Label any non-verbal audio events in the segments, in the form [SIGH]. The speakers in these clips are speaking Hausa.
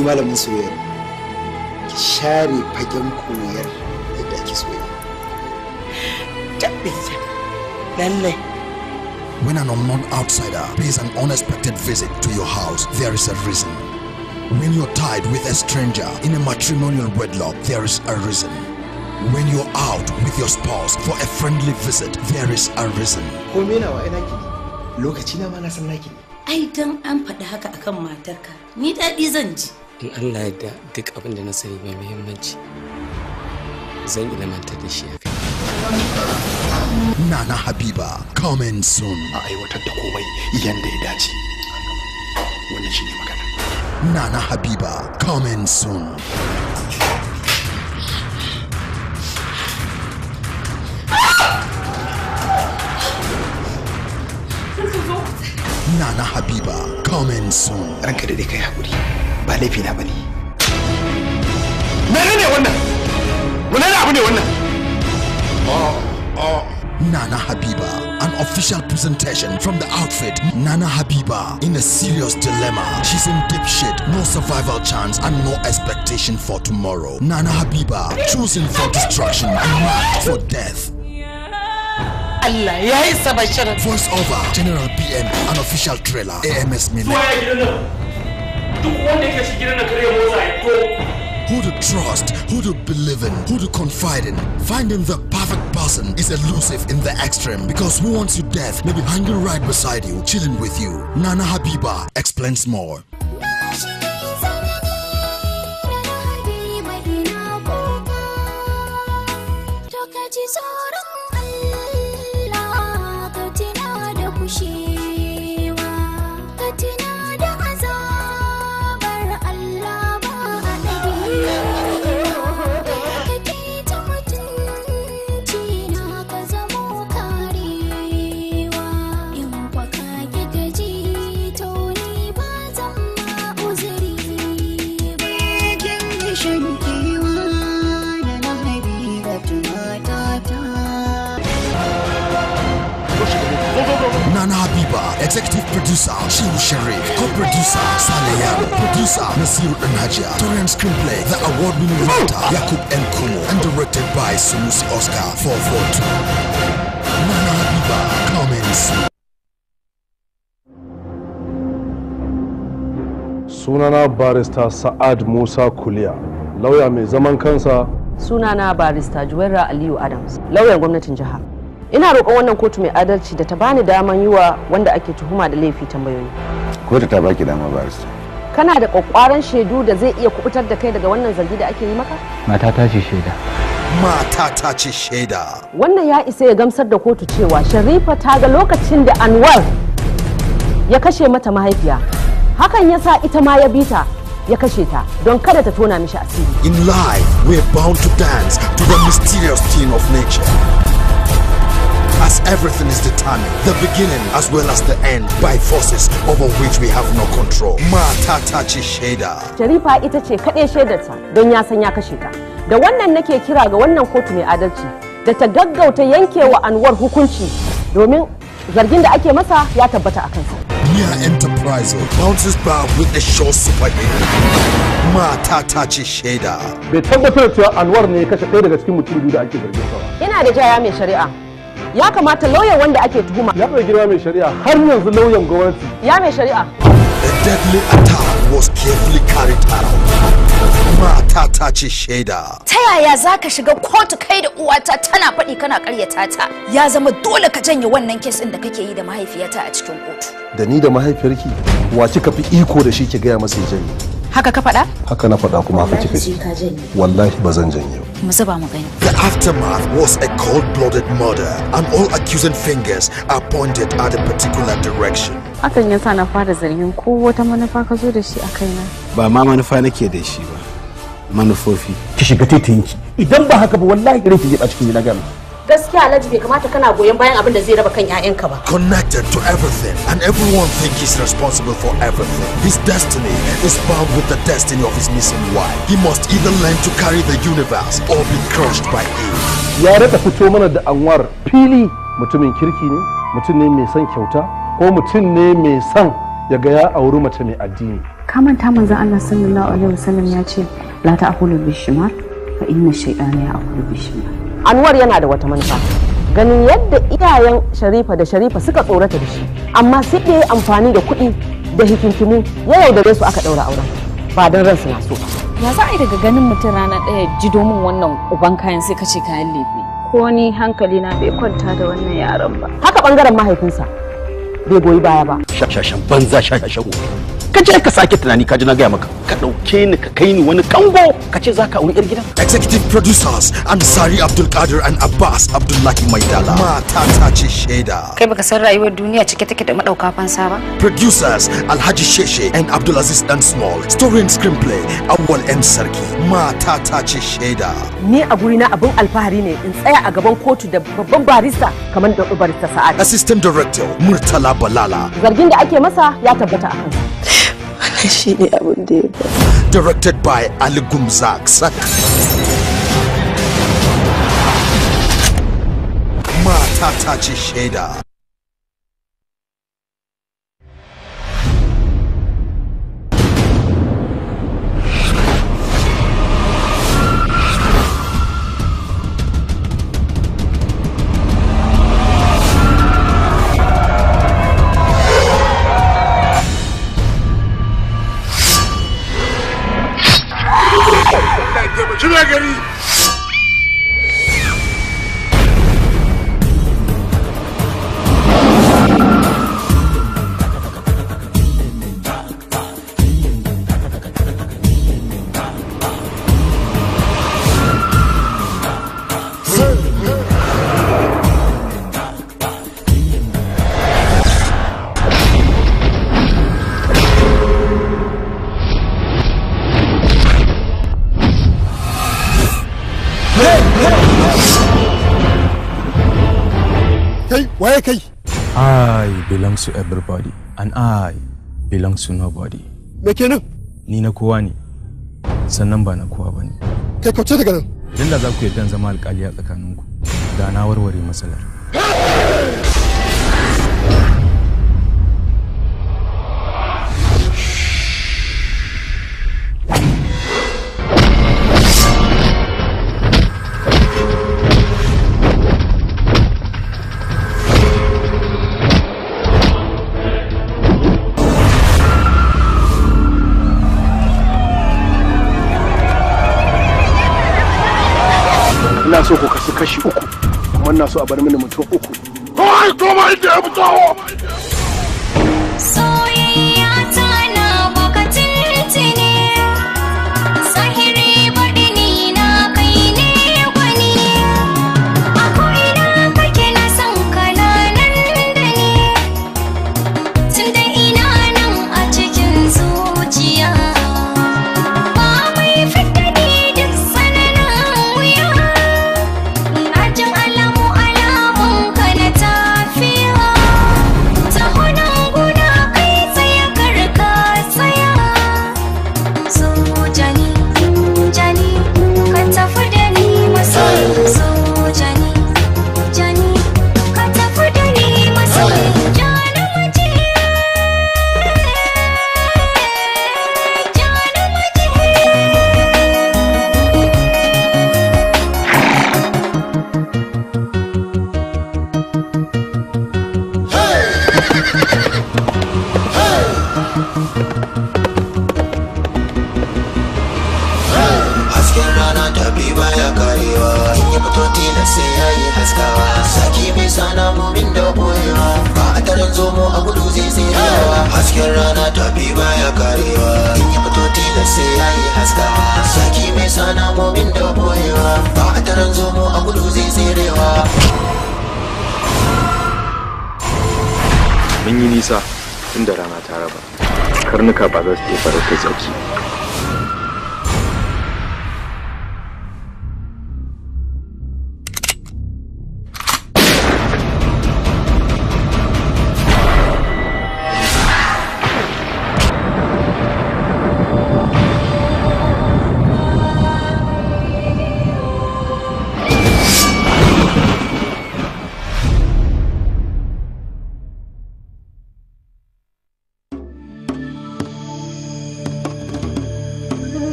ni malamin soyayya ki share fagen koyar yadda ake soyayya tabbata lallai When an unknown outsider pays an unexpected visit to your house, there is a reason. When you're tied with a stranger in a matrimonial wedlock, there is a reason. When you're out with your spouse for a friendly visit, there is a reason. Lokaci na ma na san naki. Ai dan an faɗi haka akan matarka, ni daɗi zan ji. in allah da duk abin da na sani mai muhimmanci zan ilmantar da shi akai nana habiba coming soon a aiwatar da komai yadda ya dace wannan shine magana nana habiba coming soon Nana Habiba coming soon. Ranka da dai kai hakuri. ba laifi ba bane mene ne wannan mene ne abu ne wannan Nana Habiba, an official presentation from the outfit Nana Habiba in a serious dilemma. She's in deep shit, no survival chance and no expectation for tomorrow. Nana Habiba, choosing for destruction and for death. Allah ya isa bashirin. Voice over General BN an official trailer AMS Miller. Who to trust, who to believe in, who to confide in. Finding the perfect person is elusive in the extreme because who wants you death may be hanging right beside you, chilling with you. Nana Habiba explains more. Nasiru Anaja, Hajiya. screenplay, the award-winning writer Yakub N. Kumo, and directed by Sunusi Oscar 442. Nana Habiba Cummings. Sunana barista Sa'ad Musa Kulia, lawyer mai zaman kansa. Sunana barista Juwera Aliyu Adams, lauyan gwamnatin jiha. ina roƙon wannan kotu mai adalci da ta bani daman yi wa wanda ake tuhuma da laifi tambayoyi kotu ta baki dama barista kana da kwakwaran shaidu da zai iya kubutar da kai daga wannan zargi da ake yi maka mata ta ce shaida mata ta ce shaida wannan ya isa ya gamsar da kotu cewa sharifa ta ga lokacin da anwar ya kashe mata mahaifiya hakan ya sa ita ma ya bi ta ya kashe ta don kada ta tona mishi asiri in life we're bound to dance to the mysterious theme of nature as everything is determined, the beginning as well as the end by forces over which we have no control. Mata ta ce shaida. Sharifa ita ce kaɗai shaidarta don ya san ya kashe ta. Da wannan nake kira ga wannan kotu mai adalci da ta gaggauta yankewa Anwar hukunci domin zargin da ake masa ya tabbata a kansa. Mia Enterprise bounces back with a show superhero. Mata ta ce shaida. Bai tabbatar cewa Anwar ne ya kashe ɗaya daga cikin mutum biyu da ake zargin sa Ina da jaya mai shari'a. ya kamata lauyan wanda ake tuhuma ya bai girma mai shari'a har yanzu lauyan gwamnati ya mai shari'a the deadly attack was carefully carried out mata ta ce shaida. Ta yaya za ka shiga kotu kai da uwata tana faɗi kana karyatata? ta? Ya zama dole ka janye wannan kes ɗin da kake yi da mahaifiyata a cikin kotu. Da ni da mahaifiyarki wa kika fi iko da shi ki gaya masa ya janye. haka ka faɗa? haka na faɗa kuma haka kika ce wallahi ba zan janye mu zuba mu gani the aftermath was a cold-blooded murder and all accusing fingers are pointed at a particular direction hakan ya sa na fara zargin ko wata manufa ka zo da shi a na. ba ma manufa nake da shi ba manufofi ki shiga titinki idan ba haka ba wallahi ranki zai a cikin gidan gama gaskiya alhaji bai kamata kana goyon bayan abin da zai raba kan 'ya'yanka ba connected to everything and everyone think he's responsible for everything his destiny is bound with the destiny of his missing wife he must either learn to carry the universe or be crushed by it ya raka fito mana da anwar fili mutumin kirki ne mutum ne mai son kyauta ko mutum ne mai son ya ga ya auri mace mai addini kamanta manzon Allah sallallahu alaihi wasallam ya ce la ta'kulu bishimar fa inna shaytana ya'kulu bishimar Anwar yana da wata manufa. Ganin yadda iyayen Sharifa da Sharifa suka tsorata da shi, amma sai da amfani da kuɗi da hikinkimu ya yaudare su aka ɗaura auren. Ba don ransu na so. Ya za a yi daga ganin mutum rana ɗaya ji domin wannan uban kayan sai ka ce kayan lefe. Ko ni hankali na bai kwanta da wannan yaron ba. Haka ɓangaren mahaifinsa bai goyi baya ba. Shashashan banza shashashan ka je ka sake tunani ka ji na gaya maka ka ɗauke ni ka kai ni wani kango ka ce zaka auri yar gidan executive producers ansari abdulkadir and abbas abdullahi maidala mata ta ce shaida kai baka san rayuwar duniya cike take da madauka fansa ba producers alhaji sheshe and abdulaziz dan small story and screenplay awwal m sarki mata ta ce shaida ni a guri na abin alfahari ne in tsaya a gaban kotu da babban barista kamar da barista sa'ad assistant director murtala balala zargin da ake masa ya tabbata a kansa wannan [LAUGHS] shi ne abin da ya ba directed by ali gumzak mata ta ce shaida Çına it. belongs to everybody and I belong to nobody. Me kenan? Ni na kowa ne, sannan ba na kowa ba ne. Kai kauce daga nan. Idan za ku yarda zama alƙali a tsakaninku, da na warware matsalar. ina so a bar mini mutum uku. Kawai koma inda ya fito! para, para fazer aqui.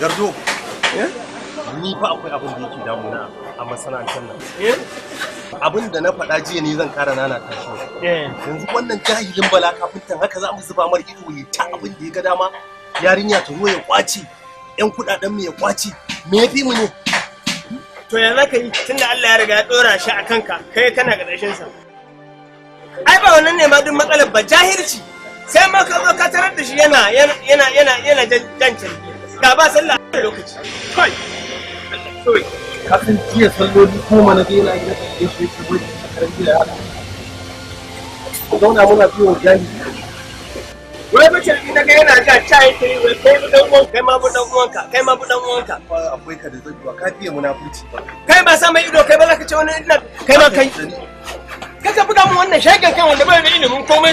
Gardo. Eh? Ni fa akwai abin da yake damuna a masana'antar nan. Eh? Abin da na faɗa jiya ne zan kara nana ta shi. Eh. Yanzu wannan jahilin bala kafintan haka za mu zuba mar ido ya ta abin da ya ga dama. Yarinya ta zo ya kwace. Yan kuɗaɗen mu ya kwaci Me ya fi mu ne? To ya za ka yi tunda Allah ya riga ya ɗora shi a kanka kai kana ƙarshen sa. Ai ba wannan ne ma duk matsalar ba jahilci. Sai ma ka zo ka tarar da shi yana yana yana yana jan da ba sallah a lokaci kai kawai ka san jiya salloli goma na daina gida da ke shi ke bai karan gida ya ku zauna muna biyo jani wai mace ita kai yana ga ta yi kai wai kai budan uwanka kai ma budan uwanka kai ma budan uwanka akwai ka da zai ka fiye munafurci ba kai ba sa mai ido kai ba za ka ce wani ina kai ma kai kaka buga mu wannan shagen kan wanda bai da ilimin komai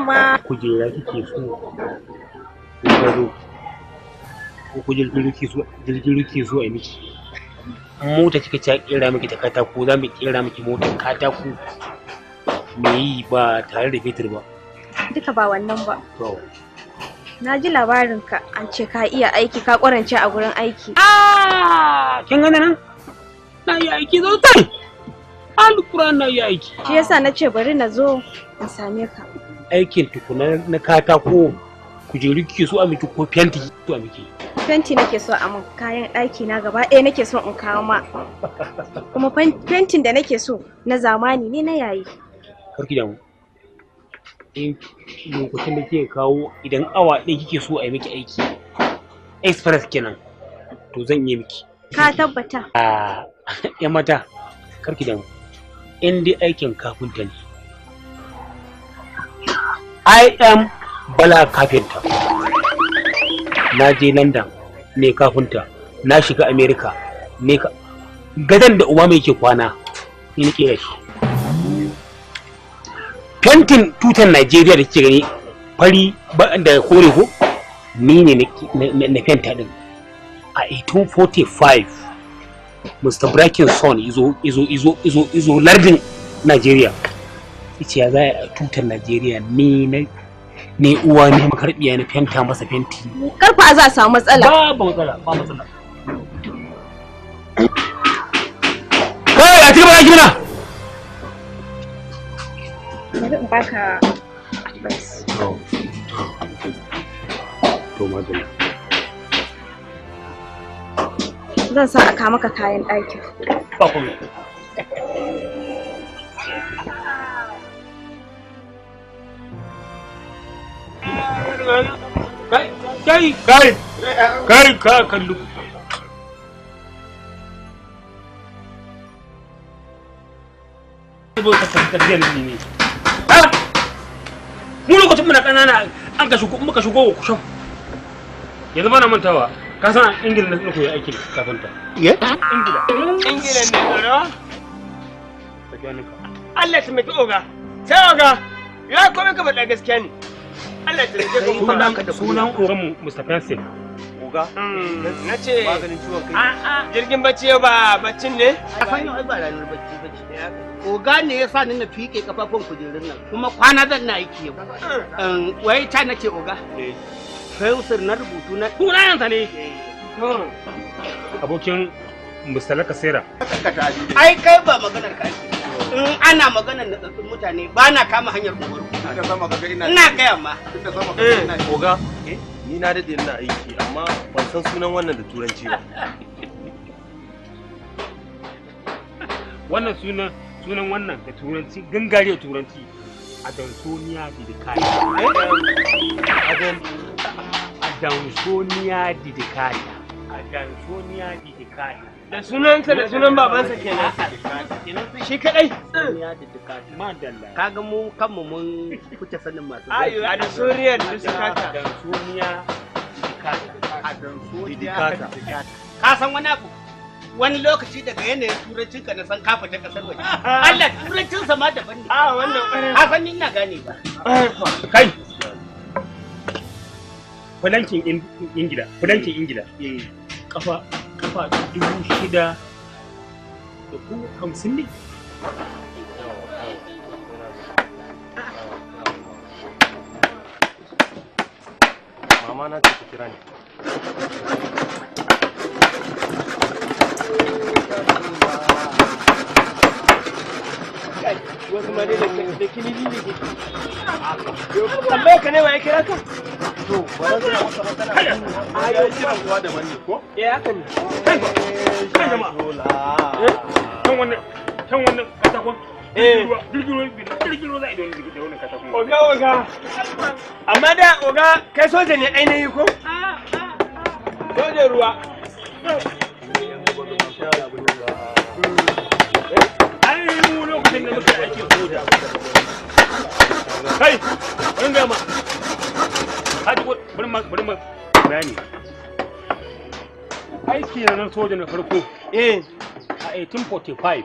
dama kujera kike so ko ko jirgin ruki zuwa miki mota kika ta kera miki ta katako za mu kera miki motar katako me yi ba tare da fetur ba duka ba wannan ba na ji labarin ka an ce ka iya aiki ka kwarance a gurin aiki ah! kin gane nan na yi aiki zo tai alkuran na yi aiki shi yasa na ce bari na zo in same ka aikin tukuna na katako kujeru kike so a miki ko fenti to a miki fenti nake so a mun kayan ɗaki na gaba ɗaya nake so in kawo ma kuma fentin da nake so na zamani ne na yayi karki da mu in lokacin da kike kawo idan awa ɗaya kike so a yi miki aiki express kenan to zan yi miki ka tabbata a ah, [LAUGHS] mata karki da mu in dai aikin kafinta ne I am Bala Kafinta. Na je Landan ne kafinta, na shiga Amerika ne ka. Gadan da uba mai ke kwana, ni na da shi. Fentin tutan Najeriya da ke gani fari da kore ko, ni ne na fenta din. A 1845, Mr. Bracken Son izo lardin Najeriya. ice ya za a tutar najeriya ne na ne uwa ne ya ne fenta masa fenti karfa za a samu matsala babu matsala ba matsala kai a cikin baki mana zan sa a ka maka kayan ɗakin ba kuma kai kai kai ka kallu mu lokacin muna kanana an ka shigo muka shigo ku shan yanzu bana mantawa ka san ingila ingila ingila ne tsaro Allah shi mai oga sai oga ya gaskiya ne ka da sunan uwan Mr. Pencil uga hmm, na ce maganin ciwon kai jirgin bacci ba baccin ne a san yau ba rayuwar bacci bacci Oga ne ya sa ni na fike kafafun kujerun nan kuma kwana zan na aiki yau. Um, wai ta nake oga. Eh. Fausir na rubutu na sunayensa ne. Eh. Hmm. Abokin Mr. Lakasera. Ai kai ba maganar ka in ana maganar da mutane ba na kama hanyar kogoro ina gaya ma koga eh. eh? ni na daɗe ina aiki amma ban san sunan wannan da turanci ba [LAUGHS] wannan sunan sunan wannan da turanci gangare turanci adansoniya didikari eh, adansoniya didikari adansoniya didikari da sunansa da sunan babansa ke nan shi kadai kaga mu kanmu mun kuce sanin masu ayo a da suriya da su kata da suniya a ka san wani abu wani lokaci daga yanayin turancin ka na san kafa ta kasar waje [LAUGHS] Allah turancin sa ma daban ne a wannan ka san ina gane ba kai fulankin ingila fulankin ingila eh. kafa kafa dubu shida da ku hamsin ne mama na ce ku kira ne wasu da kini lili ne. ne wa ya kira ka? to kai Amma da oga kai soja ne ainihi ko? ruwa. lokacin da muke aiki soja. Kai, kaji bari ma bari ma bayani aiki na soja na farko eh a 1845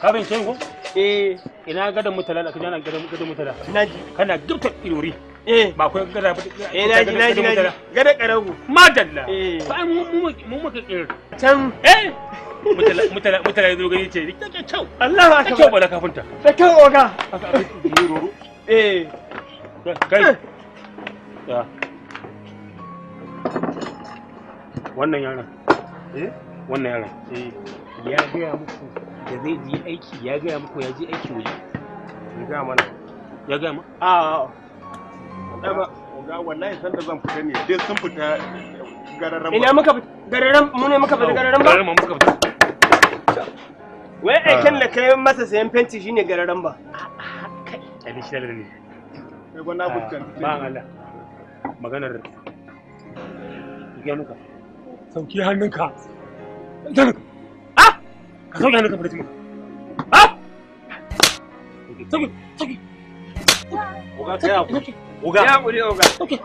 ka bin ko eh ina gada mutala da kana gada mutala naji kana gifta ilori eh ba kai gada eh naji naji naji gada karago madalla eh fa mu mu mu kirin can eh mutala mutala yazo gani ce kake kyau Allah ba ka ba da kafinta oga eh kai wannan eh wannan eh ya gaya muku da zai ji aiki ya gaya muku ya ji aiki waje ya gaya mana ya gaya mana a ga wallahi da zan fita ne dai sun fita gararan ina muka gararan mu ne muka fita gararan ba gararan muka fita wai ah. kan da kai masa sayan fenti shine gararan ba kai ai shi ne ba Allah maganar sauki ah! ah! hannunka ka sauki hannunka fara maka sauki sauki oga kai hakuri oga oga sauki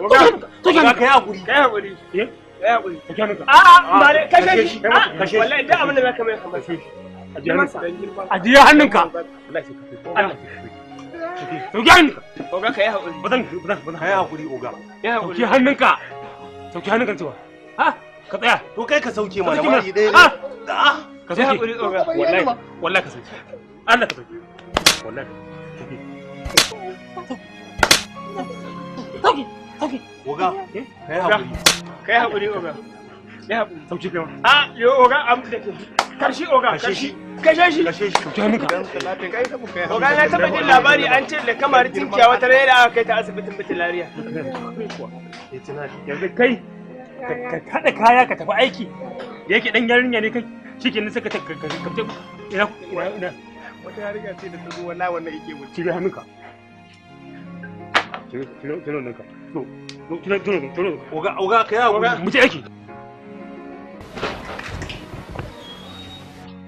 oga kai hakuri kai hakuri hannunka hannunka Sauki Oga ka haƙuri. Ba zan ba zan ba haƙuri oga. Ya haƙuri. Sauki hannunka. Sauki hannunka cewa. Ha? Ka tsaya. To kai ka sauke mana ɗaya ne. Ah! Ka sauke. haƙuri oga. Wallahi wallahi ka sauke. Allah ka sauke. Wallahi. Sauki. Sauki. Eh? Oga. Ka yi haƙuri. Ka yi haƙuri oga. Ya haƙuri. kai ma. Ah, yo oga am da ke. Karshe oga kashe shi kashe shi to oga na taba jin labari an ce da kamar tinkiya wata rana aka kai ta asibitin bitilariya yanzu kai ka kada kaya ka tafi aiki yake dan yarinya ne kai ka ina wata yarinya ce da wannan yake ka to to oga oga kai mu aiki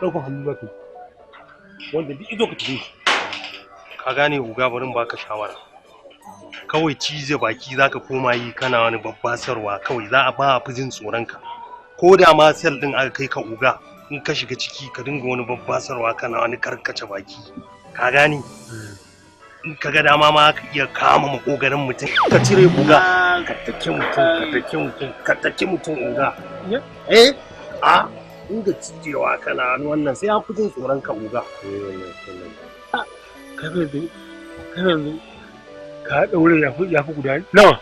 ɗaukan hannu za ka yi wanda duk izo ka tafi ka gane uga barin baka shawara kawai cize baki za ka koma yi kana wani babbasarwa kawai za a ba a fi jin tsoronka ko da ma sel ɗin aka kai ka uga in ka shiga ciki ka dinga wani babbasarwa kana wani karkace baki ka gane in ka ga dama ma ka iya kama makogarin mutum ka cire uga ka take mutum ka take mutum ka take mutum uga eh a ah, dinga cijewa kana wannan sai an fi jin tsoron ka uga ah, ka daure ya fi guda nawa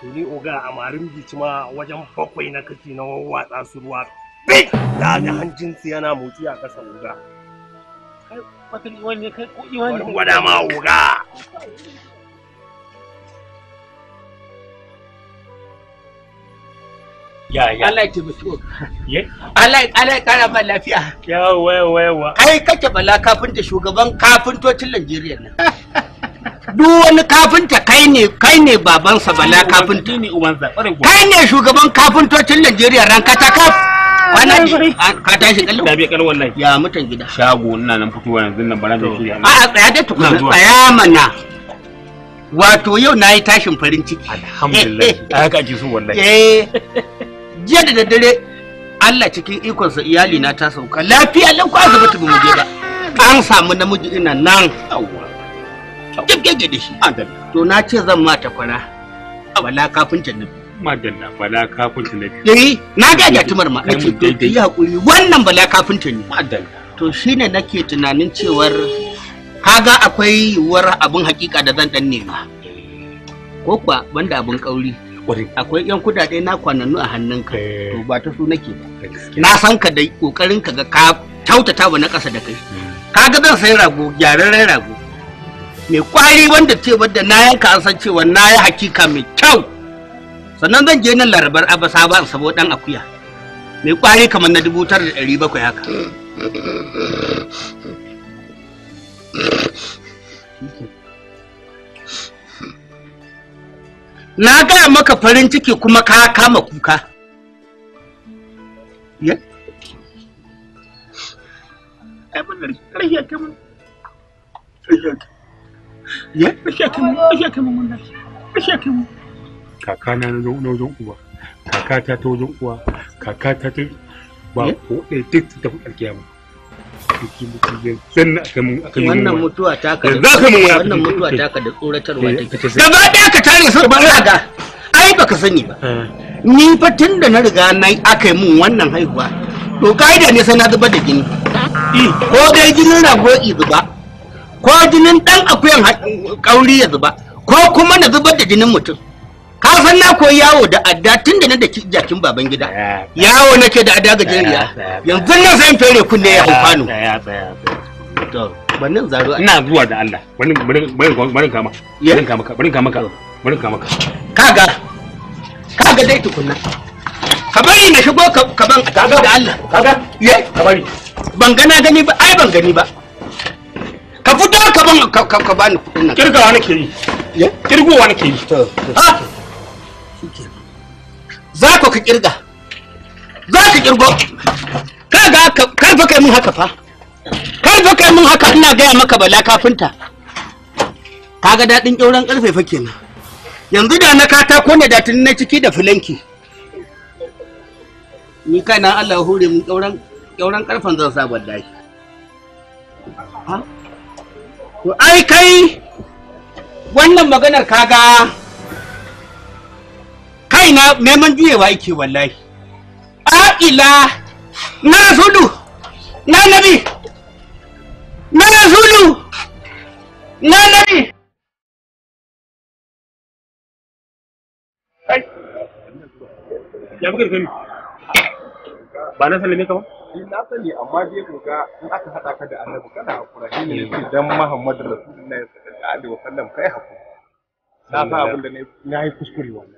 to ni oga a marin bici ma wajen bakwai na kake na watsa su ruwa big da ga hancin su yana motsi a ƙasa oga kai wata wani kai ko iwani wada ma oga ya ya Allah ya taimaki wa Allah Allah ya kara ma lafiya yawa yawa yawa kai kake bala kafinta shugaban kafintocin Najeriya nan duk wani kafinta kai ne kai ne babansa bala kafinta kai ne shugaban kafintocin Najeriya ran katakaf wannan ka tashi kallon da kallon wallahi ya mutan gida shago ina nan fitowa yanzu nan bara da shi a a tsaya da tukuna tsaya mana wato yau na yi tashin farin ciki alhamdulillah eh, eh, eh. haka ake so wallahi eh jiya da daddare Allah cikin ikonsa iyali na ta sauka lafiya lan ko asibiti bamu muje ba an samu namiji ina nan gaggaje da shi to na ce zan ma ta kwara bala kafin ta nabi madalla bala kafin ta nabi eh na ga da tumar ma nace to ki hakuri wannan bala kafin ta ne madalla to shine nake tunanin cewar kaga akwai war abin hakika da zan dan nema eh. ko kuwa banda abin kauri akwai yan kudade na kwanannu a hannunka eh. to ba ta su nake ba na san ka da kokarin ka ga ka kyautata wa na ƙasa da kai mm. Ka ga zan sai rago gyararren rago mai kwari wanda ce wadda na yanka an san cewa na yi hakika mai kyau sannan zan je nan larabar abasa ba sabo dan akuya mai kwari kamar na dubu tara da ɗari bakwai haka Thank mm. you. na gaya maka farin ciki kuma ka kama kuka kakana na wajen uwa kakata ta wajen uwa kakata ta ba ko ɗaya duk ta tafi alkiyama sannan aka aka wannan mutuwa ta ka za wannan mutuwa ta ka da tsoratarwa take gaba ka tare su ba za ga ai baka sani ba eh. ni fa tun da na riga na aka yi mun wannan haihuwa to ka'ida ne sai na zuba da jini ko dai jinin rago i zuba ko jinin dan akuyan kauri ya zuba ko kuma na zubar da jinin mutum ka san na koyi yawo da adda tun da na da jakin baban gida yawo nake da adda gajeriya yanzu nan zan fere kunne ya haufanu to bannin zaro ina zuwa da Allah bari bari bari kama bari kama ka bari kama ka bari kama ka kaga kaga dai tukunna ka bari na shigo ka ban kaga da Allah kaga ye ka bari ban gana gani ba ai ban gani ba ka fito ka ban ka bani kudin nan kirgawa nake yi kirgowa nake yi ha ah! za ka ka kirga za ka kirgo kaga kar fa kai mun haka fa kar fa kai mun haka ina gaya maka bala kafinta kaga daɗin ƙyauren ƙarfe fa kenan yanzu da na katako ne da tuni na ciki da filanki ni kana Allah hure mun ƙyauren ƙyauren ƙarfen zan sa wallahi to ai kai wannan maganar kaga kaina na neman juyewa yake wallahi a'ila na rasulu na nabi na rasulu na nabi ya bugar gani ba na sallame ka ba eh, na sani amma dai ko ga in aka hada ka da annabi kana hakura shi ne yake dan muhammadu rasulullahi sallallahu alaihi wasallam kai hakuri na fa abin da na yi kuskure wannan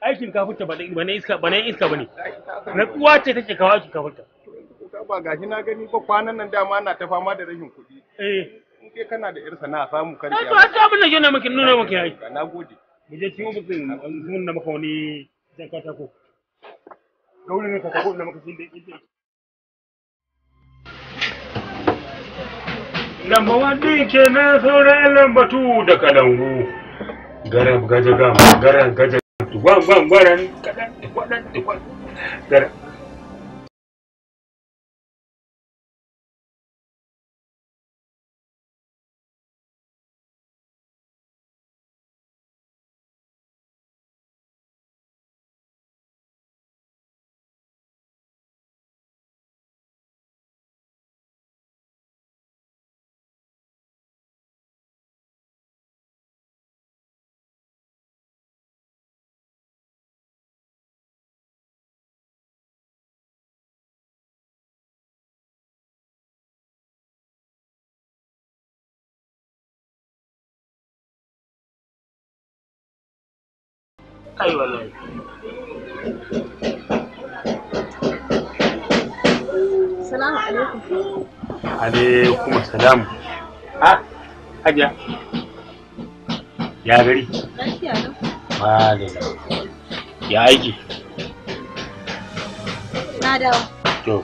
aikin kafurta ba na iska ba ne iska bane kuwa ce take kawo aikin kafurta ba gashi na gani ba kwanan nan dama na ta fama da rashin kuɗi eh in kai kana da irsa na samu kan ya ba ta abin da ke na miki nuna miki ai na gode mu je cikin ofisin mun na maka wani jan ko gauri ne ka tako na maka sun da yake Lamba wadda ke na sauran lambatu da kalangu. Garab gajagam, garab gajagam. One, one, one, ai wallahi salamu alaikum salam Ah! hajiya ya gari ya aiki na dawo to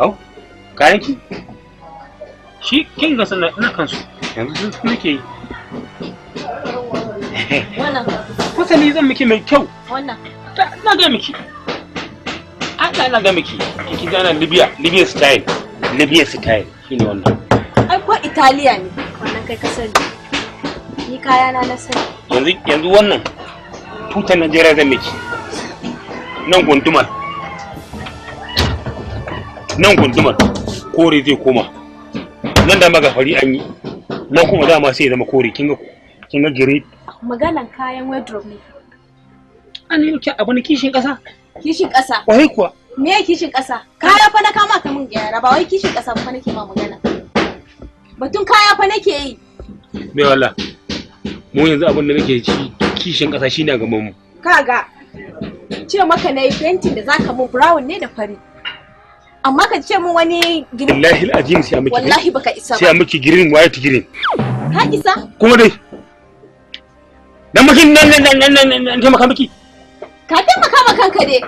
au kayanki shi kin ga sanar ina kansu yanzu sun nake yi wannan Fasali zan miki mai kyau. Wannan. Na ga miki. Allah na ga miki. Kiki gana Libya, Libya style. Libya style shine wannan. Ai ko Italiya ne. Wannan kai kasar. Ni kaya na na sani. Yanzu yanzu wannan tutan Najeriya zan miki. Nan gundumar. Nan gundumar. Kore zai koma. Nan da magafari an yi. Nan kuma dama sai ya zama kore. Kinga kinga gire maganan kayan wardrobe ne an yi ki abu ne kishin ƙasa kishin ƙasa wai kuwa me ya kishin ƙasa kaya fa na kama ka mun gyara ba wai kishin ƙasa fa nake ma magana batun kaya fa nake yi me wala mu yanzu abin da nake ci kishin ƙasa shine a gaban mu kaga ce maka na yi fentin da zaka mun brown ne da fari amma ka ce mun wani gini. wallahi al'ajim sai miki wallahi baka isa ba sai miki girin white girin ka isa kuma dai dan maki nan nan nan nan nan nan taimaka miki ka taimaka ma kanka dai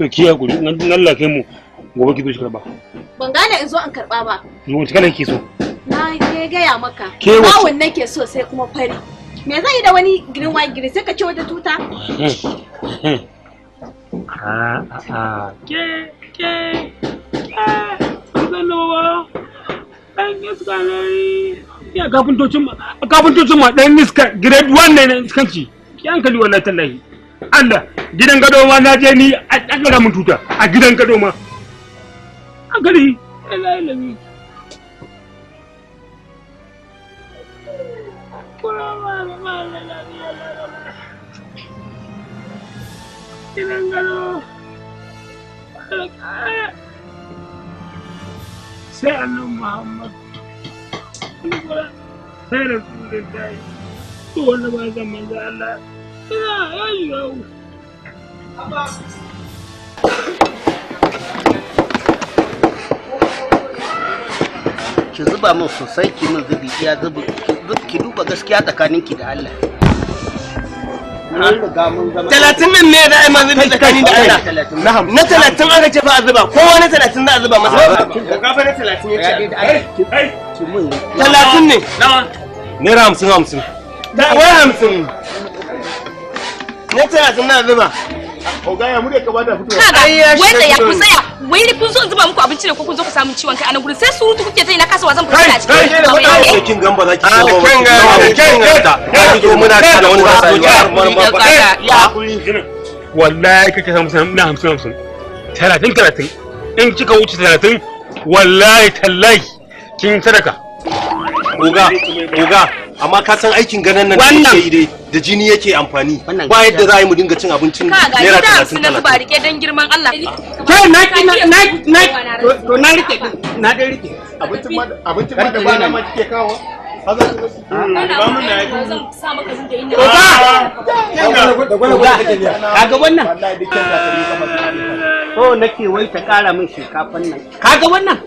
to kiya guri nan nan lakai mu gobe ki zo shi karba ban gane in zo an karba ba yo wace kana kike so na ke ga ya maka bawon nake so sai kuma fari me zai da wani green girin green sai ka ce wata tuta a ke ke ke ya kafintocin kafintocin ma dan niska grade ne na iskanci ki hankali wallahi tallahi gidan gado ma na je ni a tuta a gidan gado ma hankali Sai annan Muhammad. ki zuba min sosai ki min zubi iya zubi ki duba gaskiya tsakanin ki da Allah talatin din ne da aiman zubi tsakani da Allah na talatin aka ce fa a zuba kowa na talatin za a zuba masa gafa na talatin ya ce talatin ne naira hamsin hamsin wai hamsin na talatin na zuba Oga ya fitowa. Kaga wai tsaya ku tsaya wai ni kun zo in zuba muku abinci ne ko kun zo ku samu ciwon kai a nan gurin sai surutu kuke ta ina kasa wazan ku tsaya cikin. Kai kai ne eh, eh. kin gamba zaki zo ba. Kin ga kin ga zo muna da wani zasu Ya Wallahi kake samu samu na 50 in kika wuce talatin? wallahi tallahi kin sadaka. Oga oga amma ka san aikin ganan nan da yake yi dai da jini yake amfani ba yadda za a yi mu dinga cin abincin naira talatin talatin ba rike don girman Allah kai na na na na to na rike na dai rike abincin ma da ba na ma kike kawo kaga wannan ko nake wai ta kara min shinkafan nan kaga wannan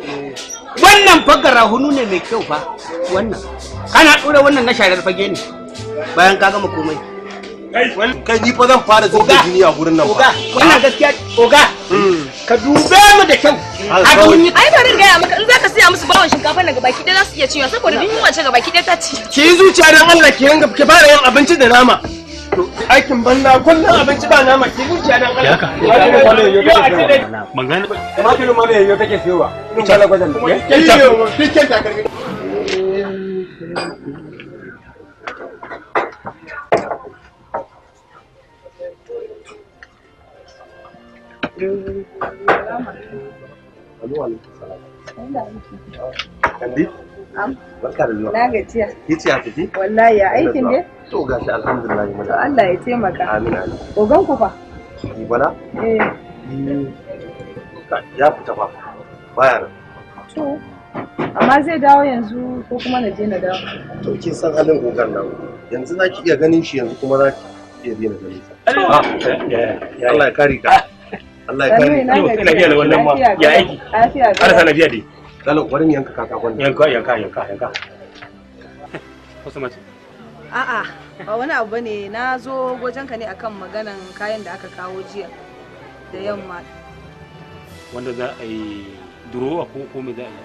wannan fagara hunu ne mai kyau fa wannan kana dora wannan na sharar fage ne bayan ka gama komai kai ni fa zan fara zuba jini a gurin nan fa wannan gaskiya oga ka dube mu da kyau a duniya ai bari ga maka in zaka siya musu bawon shinkafa na gabaki ɗaya za su iya ciwa saboda duk yunwa ce gabaki ɗaya ta ci ki yi zuciya dan Allah ki ringa ki fara yin abinci da nama aikin banna kullum abinci ba nama ki zuciya dan Allah ban gane ba tumatir mana yayyo kake siyowa in kala gwadan ki ki ki ki Kandi? Barka da zuwa. Allah ya taimaka. Amin ku fa? bala? Eh. Ya fita fa. Baya nan. To. Amma zai dawo yanzu ko kuma na je na dawo. To kin san halin ogan nan. Yanzu ki iya ganin shi yanzu kuma za ki iya ganin ah, eh, eh. Allah ya kare ka. Allah ya kare ni ina biya wannan ma ya aiki ana sana biya dai dalo warin yanka kaka wannan yanka yanka yanka yanka kusa mace a'a ba wani abu bane na zo wajenka ne akan maganan kayan da aka kawo jiya da yamma wanda za a yi durowa ko ko me za a yi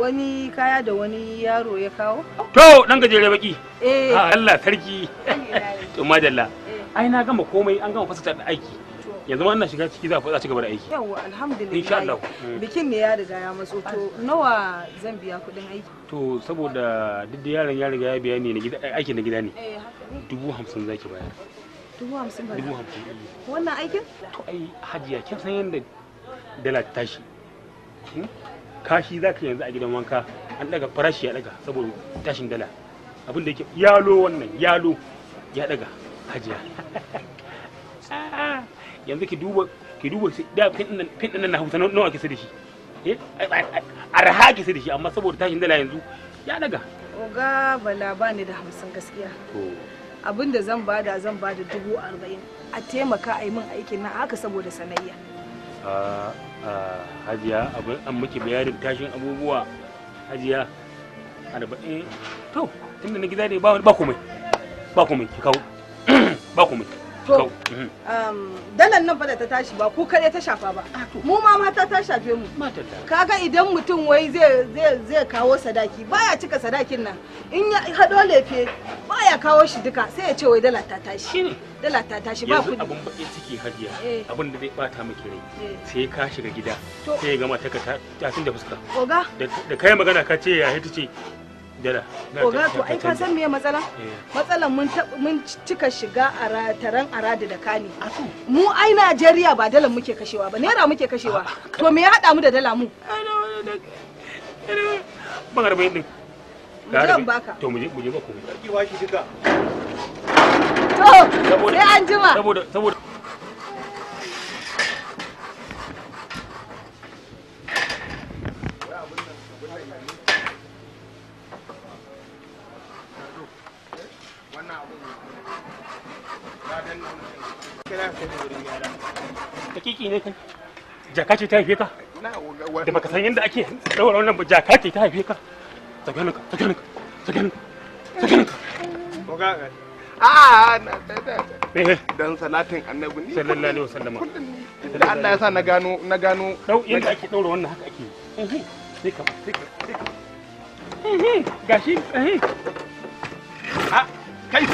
wani kaya da wani yaro ya kawo to dan gajere baki eh ah, Allah sarki [LAUGHS] to madalla eh. ai na gama komai an gama fasata da aiki yanzu ma ina shiga ciki za a ci gaba da aiki yawa alhamdulillah insha Allah eh. bikin ne ya riga ya matso to nawa zan biya kudin aiki to saboda duk da yaron ya riga ya biya ne aiki na gida eh, eh, ne dubu hamsin za ki bayar dubu hamsin bayar dubu hamsin wannan aikin to ai hajiya kin san yadda dala ta tashi hmm? kashi za ka yanzu a gidan wanka an daga farashi ya daga saboda tashin dala abin da yake yalo wannan yalo ya daga hajiya [LAUGHS] yanzu ki duba ki duba da fin din na Hausa nawa ki da shi eh arha ki da shi amma saboda tashin dala yanzu ya daga oga bala ba ni da hamsin gaskiya abin da zan bada zan bada dubu arba'in a taimaka a yi min aikin na haka saboda sanayya hajiya abin an miki bayarin tashin abubuwa hajiya arba'in to tunda na gida ne ba komai ba komai ki kawo [CLEARS THROAT] ba komai to um, mhm. dalan nan fa da ta tashi ba ku kare ta shafa ba ah, mu ma mata ta shafe mu kaga idan mutum wai zai kawo sadaki baya cika sadakin nan in ya hado lefe baya kawo shi duka sai ya ce wai dala ta tashi dala ta tashi ba kudi abun baki ciki hajiya eh. abun da zai bata miki rai eh. sai ka shiga gida sai ya gama ta ka ta tun da fuska da kai magana ka ce ya hita ce oga to ai ka san meye matsala eh. matsalan mun mun cika shiga a taron aradi da kani mu ai Najeriya ba dalan muke kashewa ba naira muke kashewa ah, ah. to me ya hada mu da dala mu ban din baka to mu je mu je ba ki washi to sai an jima saboda saboda Hakiki ne kai. Jaka ce ta haife ka? Da baka san yadda ake wannan jaka ce ta haife ka. ka, ka, ka, ka. dan salatin annabi ne. Sallallahu alaihi Da Allah ya sa na gano na gano dau yadda ake wannan haka ake. Eh, eh. Sai ka, sai ka, eh, Gashi, eh. Ah, kai.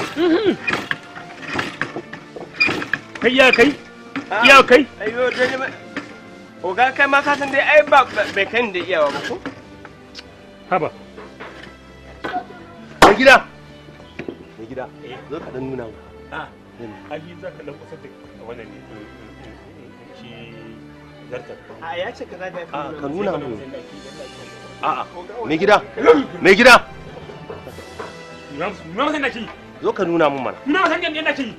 kai ya kai ah. ya kai ayo dai ba oga kai ma ka san dai ai ba bai kai da iyawa ba ko haba mai gida mai gida eh. zo ka dan nuna mu a yi za ka dan kusa da wannan ne eh, eh, shi zartar a ya ce ka za ka ah, nuna mu a a mai gida mai gida Zo ka nuna mun mana. Nuna mun yadda ke yi.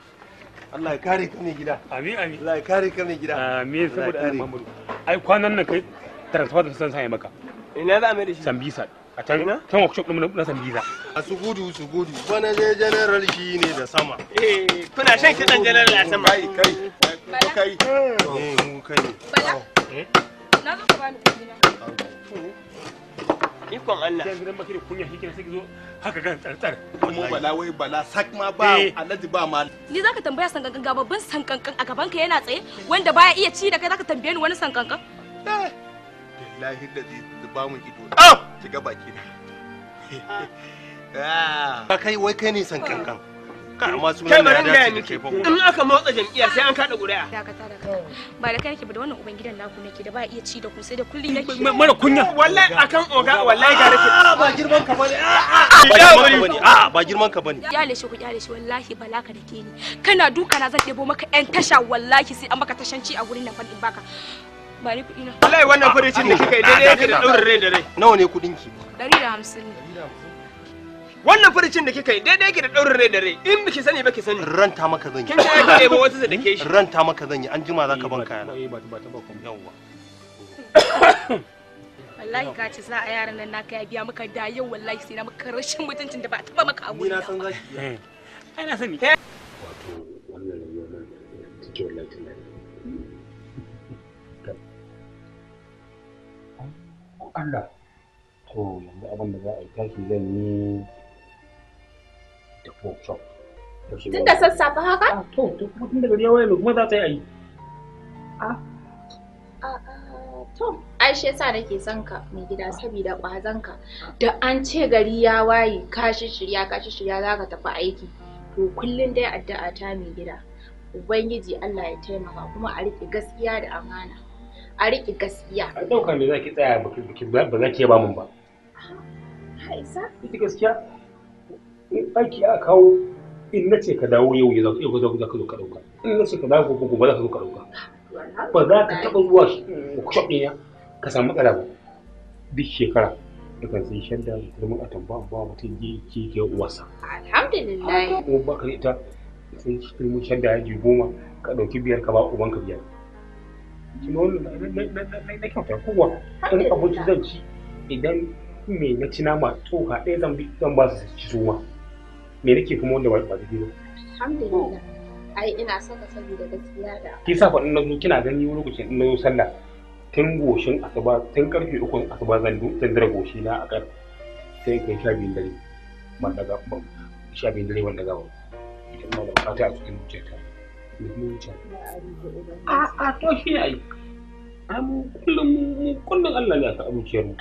Allah ya kare ka mai gida amin amin Allah ya kare ka mai gida amin saboda Allah Muhammadu ai kwanan nan kai transfer da san sai maka ina za mai da shi sambisa a can can workshop din na sambisa a su gudu su gudu wani general shi ne da sama eh kuna shan kidan general a sama kai kai kai eh, eh mu kai bala oh. na zo ka bani kudi na ikon Allah sai gidan bakire da kunya shi sai ki zo haka gan tsartsar mu bala wai bala sak ma ba eh. alaji ba ma ni zaka tambaya san gangan ga babban kankan a gaban ka yana tsaye wanda baya iya ci da kai zaka tambaye ni wani san kankan eh. billahi da zai [LAUGHS] ah. ba mu ido shiga baki na kai wai kai ne kankan ka amma sunan na dace da kai in aka motsa jam'iyya sai an kada ƙuri'a dakata dakata ba da kai ke ba da wannan ubangidan naku nake da ba iya ci da ku sai da kulli nake mara kunya wallahi akan oga wallahi ga ah, ba girman ka bane ah, ah, a ba girman ka bane ya leshe ku wallahi balaka da ke ni kana duka na zan debo maka yan tasha wallahi sai an tashanci a gurin nan baka kuɗi na wallahi wannan da kika yi daidai yake da daurin rai da rai nawa ne kuɗin ki hamsin ne wannan farcin da kika yi daidai yake da daurin rai da rai in ba ki sani ba ki sani ranta maka zan yi kin ga yake ba wasu da ke shi ranta maka zan yi an jima zaka ban yawa wallahi ka ci sa a yaran nan naka ya biya maka da yau wallahi sai na maka rashin mutuncin da ba ta ba maka abu ni na san zaki eh. ai na sani wato wannan rayuwar nan take wallahi tunani Allah to yanzu abin da za a yi tashi zan yi to tun da sassafe haka to to kuma tun da gari ya kuma za ta yi ayi a to ai shi yasa nake son ka mai gida saboda ƙwazon ka da an ce gari ya waye ka shirya ka shirya za ka tafi aiki to kullum dai addu'a ta mai gida ubangiji Allah ya taimaka kuma a riƙe gaskiya da amana a riƙe gaskiya a ɗauka me za ki tsaya ba za ki ba mun ba ha isa ita gaskiya Eh, in ɗaki a kawo in na ce ka dawo yau ya zafi yau za ka zo ka ɗauka in na ce ka dawo gobe ba za ka zo ka ɗauka ba za ka taɓa zuwa mm, workshop ɗin ka samu matsala ba duk shekara daga sai shadda zama a tamba ba mutum je ke ke uwarsa alhamdulillah ko ba ka ita sai ilmin shadda ya ji goma ka ɗauki biyar ka ba ubanka biyar na kyauta kowa in abinci zan ci idan me na ci nama tsoka ɗaya zan ba su ci su me nake kuma wanda ba zai ba alhamdulillah ai ina son ka saboda gaskiya da ki sa faɗin nazo kina gani wani lokacin in nazo sallah tun goshin asuba tun karfe uku asuba zan dindira goshi na a kar sai kai sha biyun dare man daga ban sha biyun dare ban daga ba ita ma da fata a cikin zuciyarta da kuma zuciya a a to shi ne ai mu kullum mu kullum Allah ne aka abinciyar mu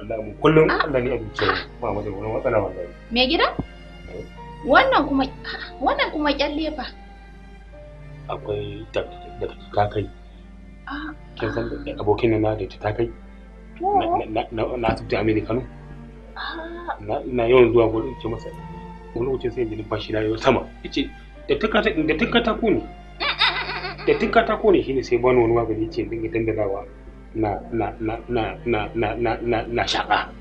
wallahi mu kullum Allah ne abinciyar mu ba mu da wani matsala wallahi me gidan? Wannan kuma wannan kuma kyalle fa. Akwai da ta kai. Ah, ah. Kin san abokin na da ta kai? Na tafi Amini Kano. Ah. Na yawan zuwa gurin ce masa wani wuce sai jini bashi na yau sama. Ice da da tun katako ne. Da tun katako ne shine sai bano wani magani ce dinga dandanawa na na na na na na na na shaka.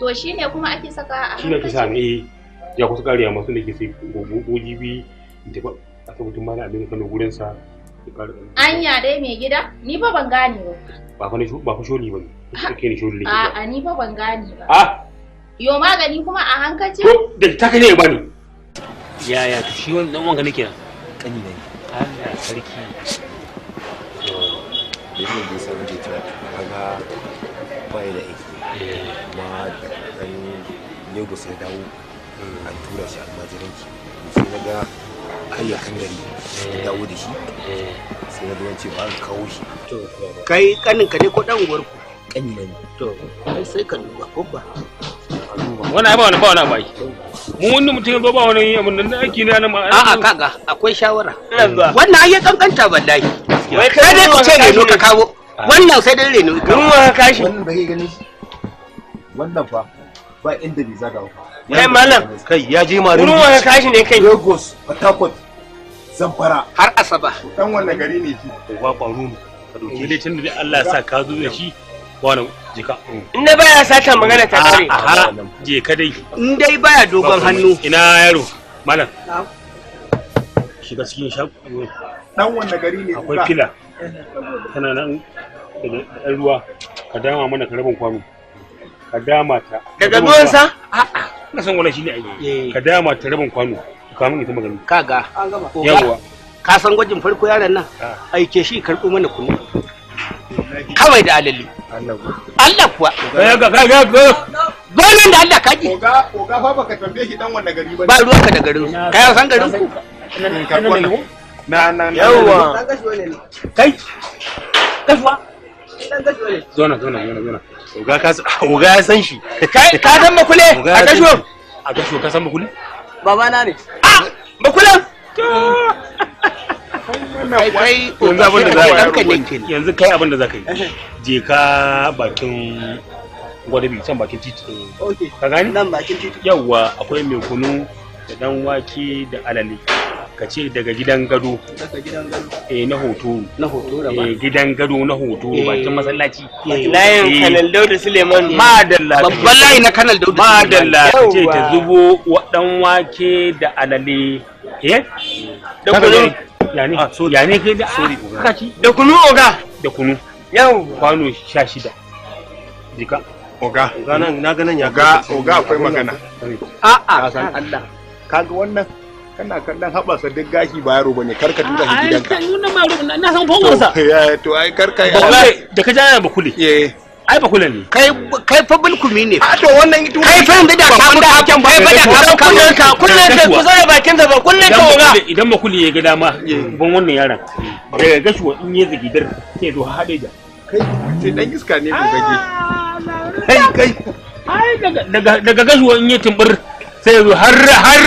To shine kuma ake saka a hankali. Shine ake saka eh. ya kusa karewa masu da ke sai gogogi bi da ba a sabotin mana abin kano gurin sa anya dai mai gida ni ba ban gane ba ba ba fa shoni ba ne kake ne sholi a a ni ba ban gane ba a ah! yo magani kuma a hankaci ko da ta kai ne ba ne ya ya to shi wannan wanga nake nan kani ne Allah sarki da yake da sabon jita kaga bai da aiki eh. kuma dan go sai dawo an tura shi almajiranci sai na ga gari da dawo da shi sai na ce ba kawo shi kai kanin ka ne ko dan uwar ku kani ne to ai sai ka duba ko ba wani ba wani ba wani bai mun wani mutum ya zo ba wani abin nan aiki ne a'a kaga akwai shawara wannan ai ya kankanta wallahi wai kai dai ku ce ne ka kawo ah. wannan sai dai reno ka kashi wannan ba ke ganin wannan fa ba inda bai zaga ba kai malam kai ya je wani kashi ne kai lagos port zamfara har asaba dan wannan gari ne shi uba kwaro ne ka dauke dai tun da Allah ya sa ka zo da shi wannan jika in baya sata magana ta kare a je ka dai in dai baya dogon hannu ina yaro malam shiga cikin shago dan wannan gari ne akwai fila tana nan da ruwa ka dama mana karabin kwano ka dama ta daga ruwansa a'a na san shi ne ainihi eh. ka dama ta kwano ka mun ita magana ga yawa ka san gwajin farko yaron nan ah. aike shi karɓo mana kunu kawai da alalli Allah kuwa ga ga ga da Allah kaji oga fa baka tambaye shi dan gari ba ba ruwan ka da garin ka san garin ku na na na yawa kai kasuwa zona zona zona zona [LAUGHS] Oga ya san shi. Kai ka san makule [LAUGHS] a kasho. A kasho ka san makule? Baba na ne. Ah, yi. yanzu kai abin da za ka yi je ka bakin gwadabi can bakin titi ka gani nan bakin titi yawwa akwai mai kunu da dan wake da alale ka ce daga gidan gado eh na hoto na hoto ba eh, gidan gado na hoto eh. kin masallaci eh. layin kanal dauda suleiman dalla babban layi na kanal dauda ma dalla ce ta zubo dan wake da alale eh da kunu ya ne ya ne ah, kai da ah, da kunu oga da kunu yau kwano 16 jika oga na ganin ya ga oga akwai magana a'a san Allah kaga wannan kana kallon haɓasa duk gashi ba yaro bane karka duka shi gidanka ai nuna ma ruwa na san fawon sa ya to ai karka ya wallahi da ka jaya ba kule eh ai ba kule ne kai kai fa bulkumi ne a ah, to wannan ito kai fa inda da ka mun da hakan ba ba da ka kullun ka kullun ka ku zai bakin da ba kullun ka waga idan ba kule ya ga dama eh. ban wannan yaran yaron gashi wa in ya zigidar sai zo haɗe da kai sai dan iska ne mai gaje kai kai ai daga daga gashi wa in ye timbir sai zo har har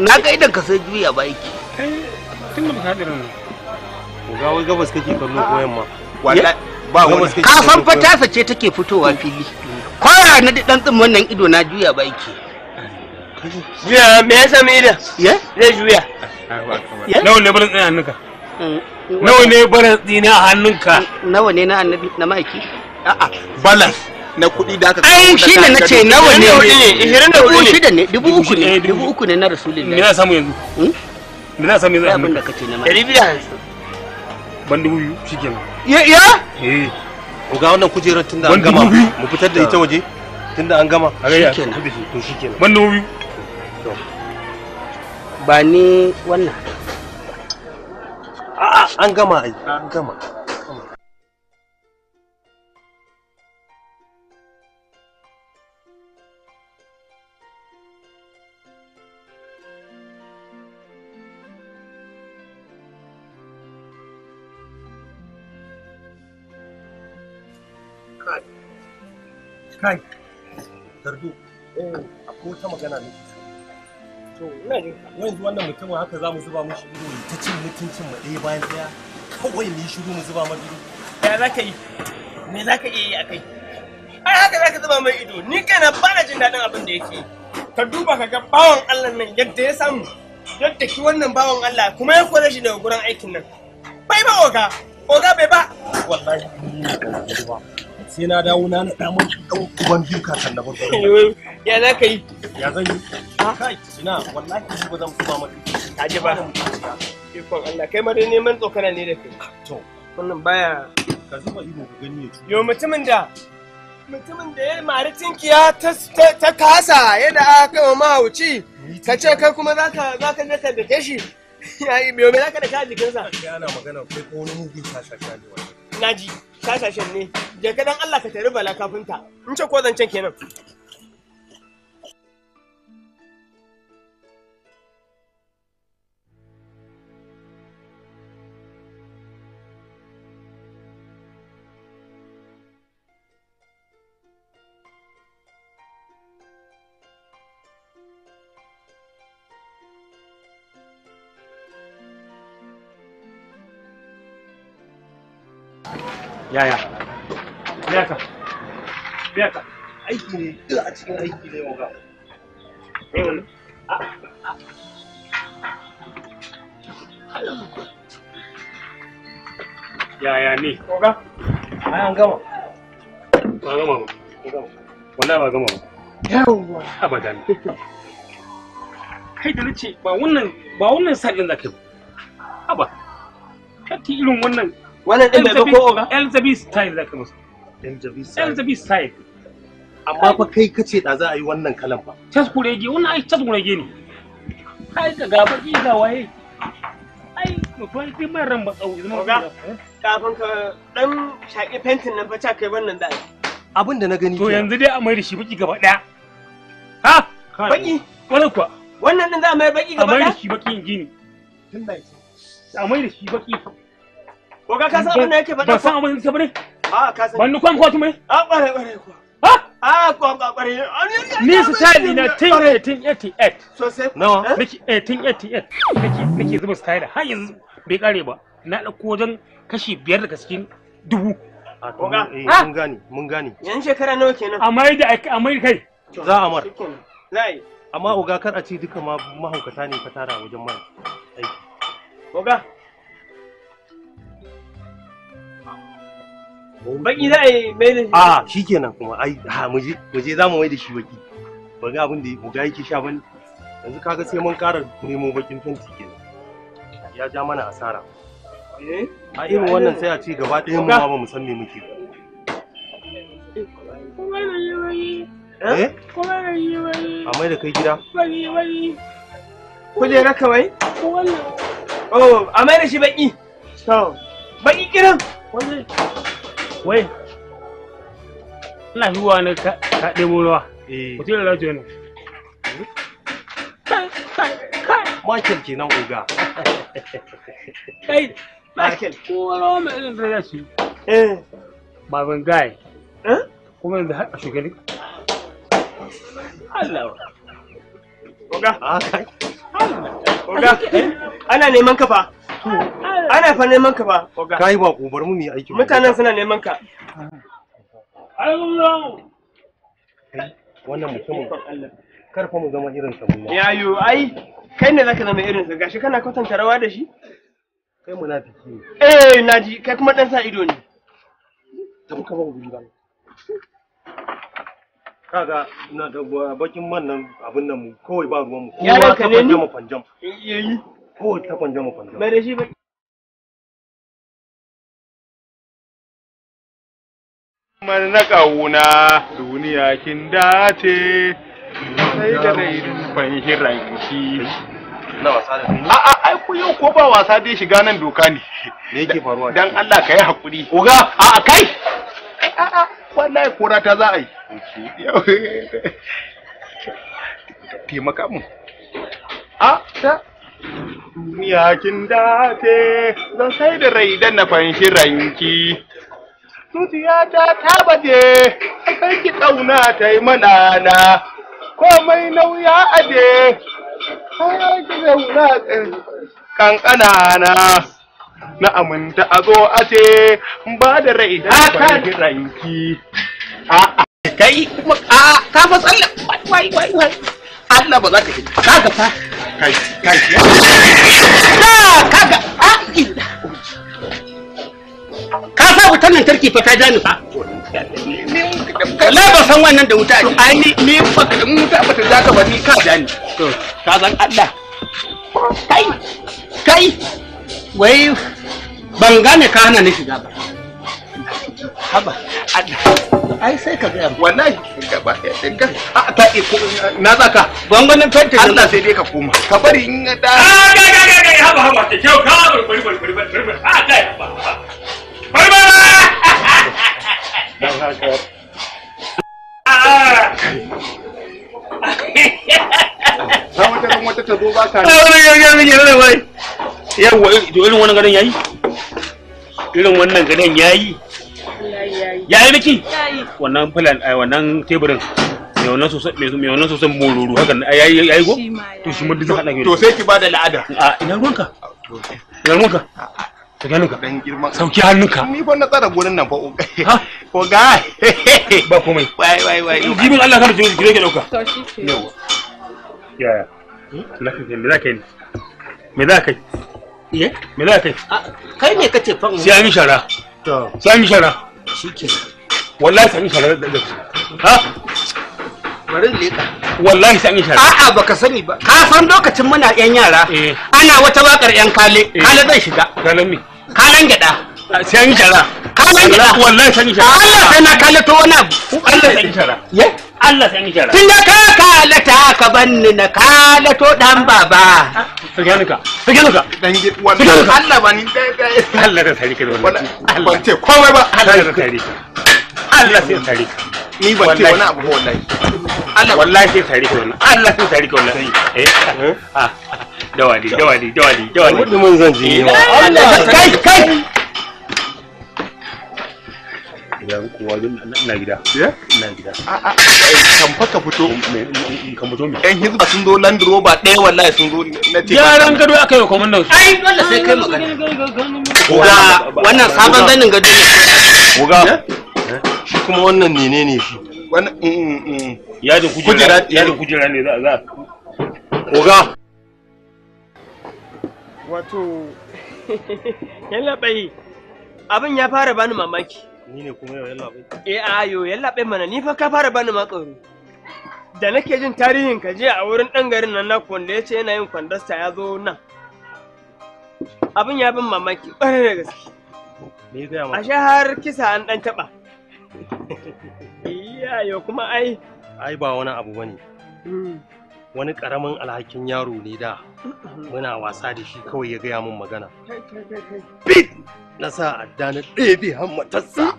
na ga idan ka sai juya ba yake tun da baka hadirin ga wai gabas kake kallo ko yamma wallahi ba wani ka san fa ta ce take fitowa mm. fili ko ya na di dan tsin nan ido na juya ba yake juya me yasa me da ya zai juya ah, nawa ne barin tsaya hannunka mm. nawa ne barin tsina hannunka nawa ne na annabi na ma'aiki a'a balance na kuɗi da aka ai shi ne nace nawa ne ishirin da uku shida ne dubu uku ne eh, dubu uku ne na rasulun na samu yanzu na hmm? samu yanzu abin da kace na ma ɗari ban dubu biyu ya ya eh ga wannan kujerar an gama mu fitar da ita waje tunda an gama to ban dubu biyu ba ni wannan a'a an gama an gama kai gardu eh, akwai wata magana ne yanzu wannan mutumin haka za mu zuba mushi ido ta cin mutuncin mu ɗaya bayan ɗaya kawai mu yi shiru mu zuba mai ido ya za ka yi me za ka iya yi a kai ai haka za ka zuba mai ido ni kana ba na jin daɗin abin da yake ka duba ka ga bawan Allah nan yadda ya samu yadda ki wannan bawan Allah kuma ya kore shi daga gurin aikin nan bai ba oga oga bai ba wallahi sai na dawo na na damar dan uban duka kan da farko ya za ka yi ya zan yi kai ina wallahi ba zan kuma maka ka ji ba ikon Allah kai ma dai neman tsokana ne da kai ah, to wannan baya ka zuba ido ka gani ya yo mutumin da mutumin da ya mari tinkiya ta kasa yadda aka kama mahauci ka ce kai kuma za ka je ka dake shi [LAUGHS] ya yi biyo mai za ka dake a Ya na magana ko wani mugun sashen ne wani naji shashashen ne je ka dan Allah ka tare bala kafinta in ce ko zancen kenan yaya biya ka biya aiki ne duk a cikin aiki ne wa ga eh. yaya ne oga ai an gama ba gama ba wallahi ba gama ba yawwa abadan kai da nace ba wannan ba wannan sallin da kai ba haba kati irin wannan wannan din bai ko oga elzabi style zaka musu elzabi style amma fa kai ka ce da za a yi wannan kalan fa tas kurege wannan ai tas kurege ne kai ka gaba ki ga waye ai mutum din mai ran batsau oga kafin ka dan shaki fentin nan fa ta kai wannan da abin da na gani to yanzu dai a mai da shi baki gaba daya ha baki wannan kuwa wannan din za a mai baki gaba daya a mai da shi baki gini a mai da shi baki Ko ka san abin da yake faɗa? Ba san abin da yake faɗa? A ka san. Ban kotu mai? A ƙware ƙware A ƙware Ni style na 1888. Sosai. Eh? Eh, zuba style har yanzu bai kare ba. Na ɗauko wajen kashi biyar daga cikin dubu. Mun eh, mun Yan shekara nawa kenan? A mai da a mai kai. Za a mar. Lai. Amma oga kar a ce duka ma mahaukata ne ka tara wajen mai aiki. Oga, baki za a yi mai da shi a ah, shi kenan kuma ai ha muje muje za mu mai da shi baki ba ga abin da mu ga yake sha bane yanzu kaga sai mun ƙara nemo bakin fenti kenan ya ja mana asara eh? a irin wannan sai a ci gaba ɗayan mu ba mu san me muke Eh? eh? A mai da kai gida? Bari bari. Kujera kawai? Oh, a mai da shi baki. To. Baki kiran. Wannan. wai ina zuwa ne ka ɗebo ruwa mutum da rajo ne Michael kenan oga kai Michael kuma rawa mai irin da rashi eh Marvin Guy eh? kuma yanzu har a shugari Allah oga Allah Oga, eh? ana neman ka fa. Ana fa neman ka fa, Oga. Kai ba ku bar mu mu aiki. Mutanen suna neman ka. Allah. Wannan mutumin kar fa mu zama irin sa mun. Yayo, ai kai ne zaka zama irin sa. Gashi kana kwatanta rawa da shi? Kai munafiki ne. Eh, naji, kai kuma dan sa ido ne. Da kuka ba guri ba. kaga na da bakin man nan abin nan mu kawai ba ruwan mu kowa ta kwanje mu kwanjam kowai ta kwanje mu kwanjam bai da shi man na kawuna duniya kin dace sai da rai ban na wasa da ai ku yau ko ba wasa dai shiga nan doka ne me yake faruwa dan Allah ka yi hakuri uga a kai wallahi kora ta za a yi taimaka mu a ta yakin dace zan sai da rai dan na fanshi ranki zuciya ta ta baje sai ki kauna ta yi manana komai nauya aje sai ki zauna eh, kankana na na aminta a zo a ce ba da rai da ban ranki a a kai kuma a ka fa tsalle wai wai wai Allah ba za ka ji ka ga fa kai kai ka ga a illa ka sa wutar lantarki fa ta jani fa Allah ba san wannan da wuta ne. Ai ni ni ba ka mu ta ba ta ja ka ba ni ka jani. To ka san Allah. Kai kai wai ban gane ka hana ni shiga ba haba ai sai ka ga wallahi gaba ya dinga a ta iko. Eh, na zaka ban ganin fanta Allah sai dai ka koma ka bari in ga ga ga ga haba haba ke kawo ka bari bari bari bari bari a ah, kai haba bari bari wata ran wata ta zo ba ka. Za wani gargamin yana da bai. yawwa to irin wannan garin yayi irin wannan garin yayi yayi miki wannan eh, wannan teburin mai wannan sosan mai wannan sosan mororo haka yayi yayi go to shi mudu hada to sai ki bada la'ada a ina ruwanka ina ruwanka ta gano ka dan girma sauki hannunka ni fa na tsara nan fa oh. [LAUGHS] ko ga ba komai [LAUGHS] wai wai wai jibin Allah ka ji gire ke dauka to shi ke yaya me za ka yi me za ka yi Iye? Eh? Me za kai? Ah, kai ne kace fa. Sai an shara. To. Sai an shara. Shikenan. Wallahi sai an shara da Ha? Bari leka. Wallahi sai an shara. A'a baka sani ba. Ka san lokacin muna yan yara. Eh. Ana wata wakar yan kale. Eh. Kale zai shiga. Kalan me? Kalan gyada. sai an shara kalan shara wallahi sai an shara Allah sai na kalato to abu Allah sai an shara ye Allah sai an shara tunda ka kalata ka banni na kalato dan baba siganuka siganuka dan ji wallahi Allah ba ni Allah da tare ka wannan Allah ce komai ba Allah da tare Allah sai tare ni ba ce wani abu wallahi Allah wallahi sai tare ka wannan Allah sai tare ka wannan eh ah. ah dawali dawali dawali dawali mun zan ji eh. kai kai gidan kowa gida gida kan fa ka fito kan fito yan hizba sun zo land rover ɗaya wallahi sun zo na ce yaran yi su ai sai kai magana wannan sabon zanin gado eh? kuma wannan nene ne shi mm, mm, mm. kujera ne za wato [LAUGHS] yalla bai abin ya fara bani mamaki Ni ne kuma yoyon labai. Eh a yoyon labai mana ni fa ka fara bani makaro. Da nake jin tarihin ka je a wurin ɗan garin nan naku wanda ya ce yana yin kwandasta ya zo nan. Abin ya bin mamaki ƙwarai da gaske. A gaya har kisa an ɗan taɓa. [LAUGHS] Iya yo kuma ai. Ai ba wani abu bane. Hmm. wani karamin alhakin yaro ne da [COUGHS] muna wasa da shi kawai ya gaya min magana bit na sa adda na ɗebe hammatarsa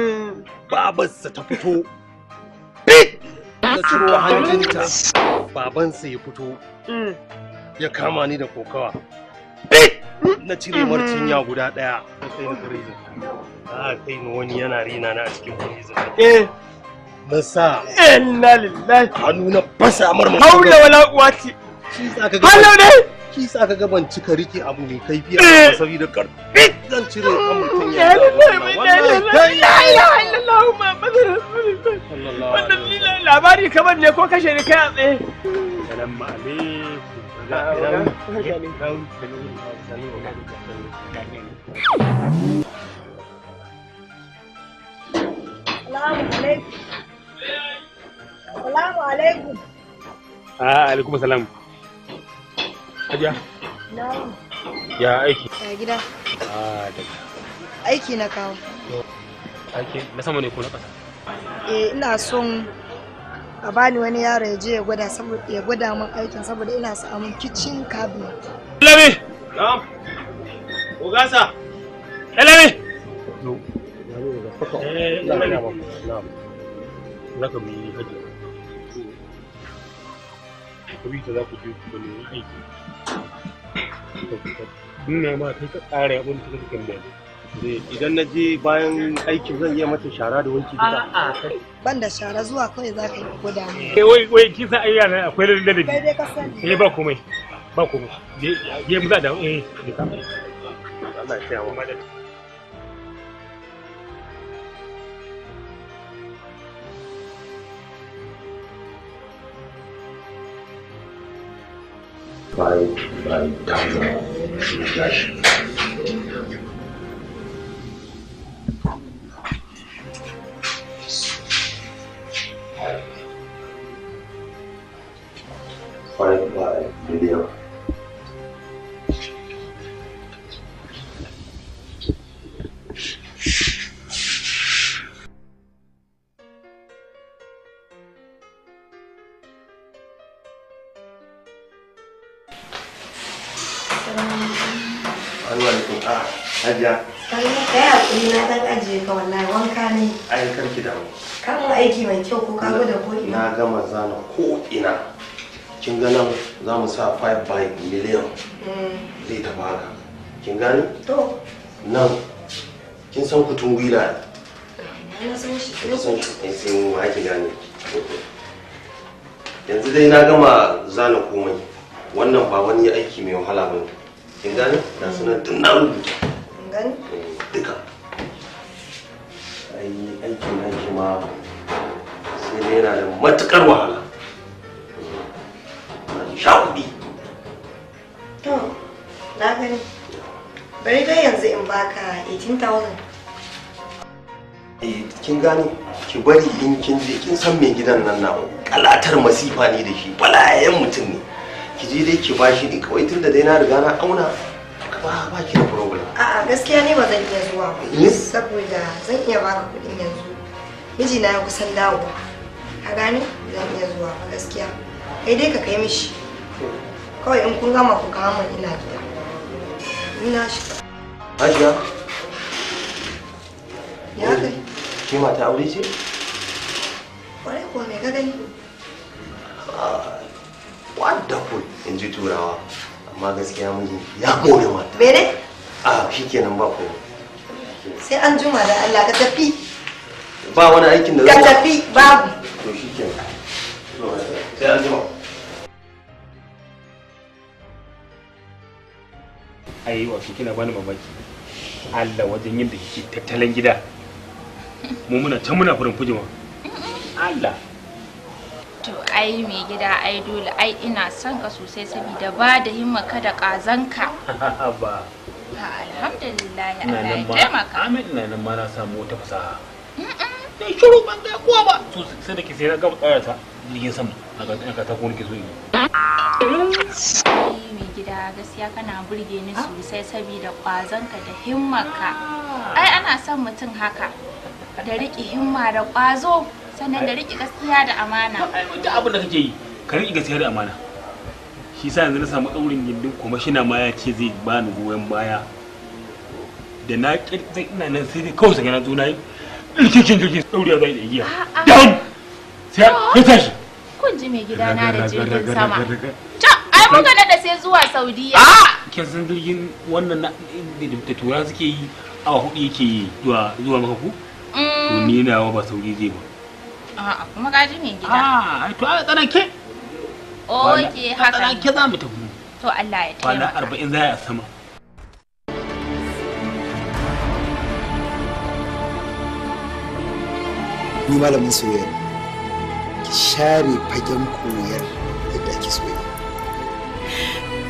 [COUGHS] babarsa ta fito bit na ciro hanjinta babansa ya fito mm. ya kama ni da kokawa bit na cire mm-hmm. ya guda ɗaya na kai na a kai wani yana rina na a cikin eh mun sa inna lillahi hannu na fasa amar mu haula wala quwati shi sa ka ga hallo ne shi sa ka ga ban cika rike abu mai kaifi a sabi da karfi zan cire kan ya wallahi la ilaha illallah muhammadur rasulullah wannan lillahi labari kamar ne ko kashe ni kai a tsaye salamu alaikum Salamu alaikum. Salamu alaikum. Ah, alaikum salam. Hajiya. Na'am. Ya aiki. Ya gida. Ah, da. Aiki na kawo. Aiki na sama ne ko na kasa? Eh, ina son a bani wani yaro ya je ya gwada saboda ya gwada min aikin saboda ina so mun kitchen cabinet. Lami. Na'am. Ogasa. Lami. No. Eh, Na'am. naka mai hajiya bi ta za ku je ku nemi aiki ina ma kai ka tsara abin da kake da idan na je bayan aikin zan iya mata shara da wanki duka ban da shara zuwa kawai za ka yi ko da eh, wai wai kin san ayyana nan akwai ladabi kai dai ka sani eh ba komai ba komai je mu za da eh ka Allah ya tsaya mu by by download. kin gani to nan kin san kutun gwila na san shi kin san shi ma mu ake yanzu dai na gama zana komai wannan ba wani aiki mai wahala ba kin gani na sanar tun na rubuta kin gani eh, duka ai na aiki ma sai dai yana da matukar wahala sha kuɗi to na gani bari dai yanzu in baka 18,000 eh kin gane ki bari in kin je kin san mai gidan nan na kalatar masifa ne da shi balayen mutum ne ki je dai ki bashi ne kawai tun da dai na riga na auna ba ba ki da problem a'a gaskiya ne ba zan iya zuwa saboda zan iya baka kuɗin yanzu mijina ya kusan dawo ka gane zan iya zuwa ba gaskiya kai dai ka kai mishi kawai in kun gama ku kawo min ina gida Ina shiga. Hajiya? Ya kai. Ke ta aure ce? Kwarai kuwa me ka gani? Ah, wonderful in ji turawa. Amma gaskiya miji ya kore mata. Mene? Ah, shikenan ba ko. Sai an juma da Allah ka tafi. Ba wani aikin da zai. Ka tafi babu. To shikenan. Sai an juma. a wato kina bani mamaki Allah wajen yin yadda kike tattalin gida mu muna can muna furin fujima Allah to ai mai gida ai dole ai ina son ka sosai saboda ba da himma ka da kazanka ba alhamdulillah Allah ya taimaka ina nan ma na samu wata fasaha dai shiru ban ga kowa ba to sai da ke sai na ga tsara jirgin sama a ga ta ko ke so yi gida gaskiya kana burge ni ah. sosai saboda kwazonka da himmarka ai ana son mutum haka da riƙe himma da kwazo sannan da riƙe gaskiya da amana duk abin da kake yi ka riƙe gaskiya da amana shi sa yanzu na samu ɗaurin gindin kwamishina ma ya ce zai bani goyon baya da na ƙirƙir ina nan sai dai kawai saka na zo na yi rikikin jirgin ɗauriya zai da igiya down sai ya tashi kun ji mai gidana da jirgin sama ai muka Aa! sai zuwa saudiya a ah! kin san jirgin wannan da tura suke yi awa hudu yake yi zuwa maka ku to mm. ni na ba sauri zai ba a'a kuma gaji ne gida a ah, to a tsanake oke haka tsanake za mu tafi to Allah ya taimaka kwana 40 za a sama ni malamin soyayya ki share fagen koyar yadda ake soyayya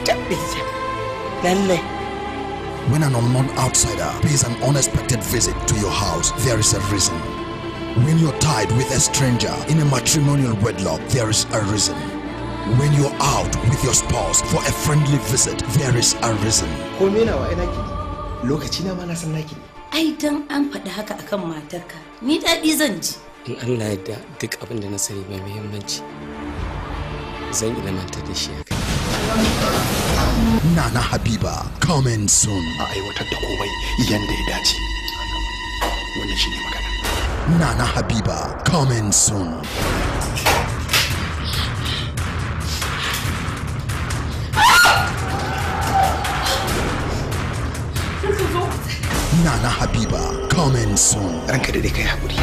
tabbiya lallai When an unknown outsider pays an unexpected visit to your house, there is a reason. When you're tied with a stranger in a matrimonial wedlock, there is a reason. When you're out with your spouse for a friendly visit, there is a reason. Kome nawa ina Lokaci na ma na san naki. Ai dan an faɗi haka akan matarka. Ni daɗi zan ji. In Allah ya da duk abin da na sani mai muhimmanci. Zan ilmanta da shi akai. Nana Habiba, coming soon. A aiwatar da komai yanda ya dace. Wannan shi ne magana. Nana Habiba, coming soon. Nana Habiba, coming soon. Ranka da dai kai hakuri,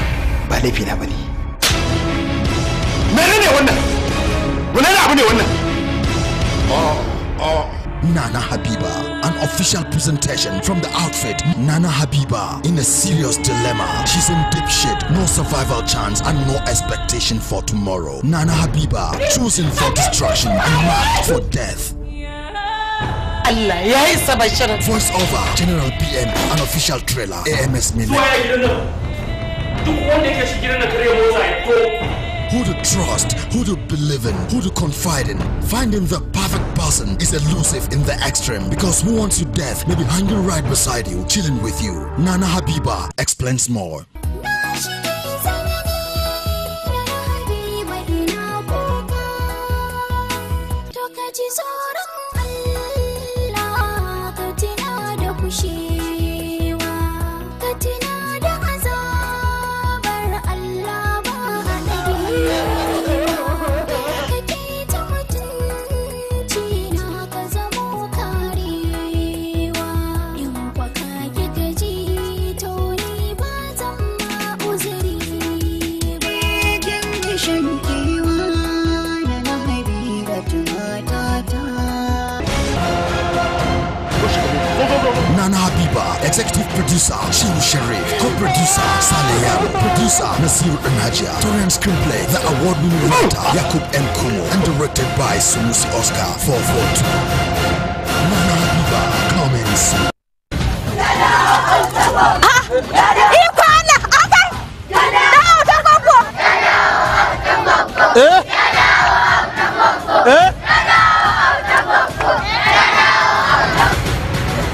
ba laifi na bane. Menene wannan? Menene abu ne wannan? Oh, oh. Nana Habiba, an official presentation from the outfit Nana Habiba in a serious dilemma. She's in deep shit, no survival chance and no expectation for tomorrow. Nana Habiba, chosen for destruction and marked for death. Allah ya yi sabashirin. Voice over General BM an official trailer AMS Miller. Duk wanda ya kashi gidan na kare motsa ya ko who to trust, who to believe in, who to confide in. Finding the perfect person is elusive in the extreme because who wants you death may be hanging right beside you, chilling with you. Nana Habiba explains more. producer Shiru Sharif, co-producer Sale Yaro, producer Nasiru Danhajiya, Torian screenplay, the award-winning writer Yakub M. Kumo, and directed by Sunusi Oscar 442. Nana Habiba comments.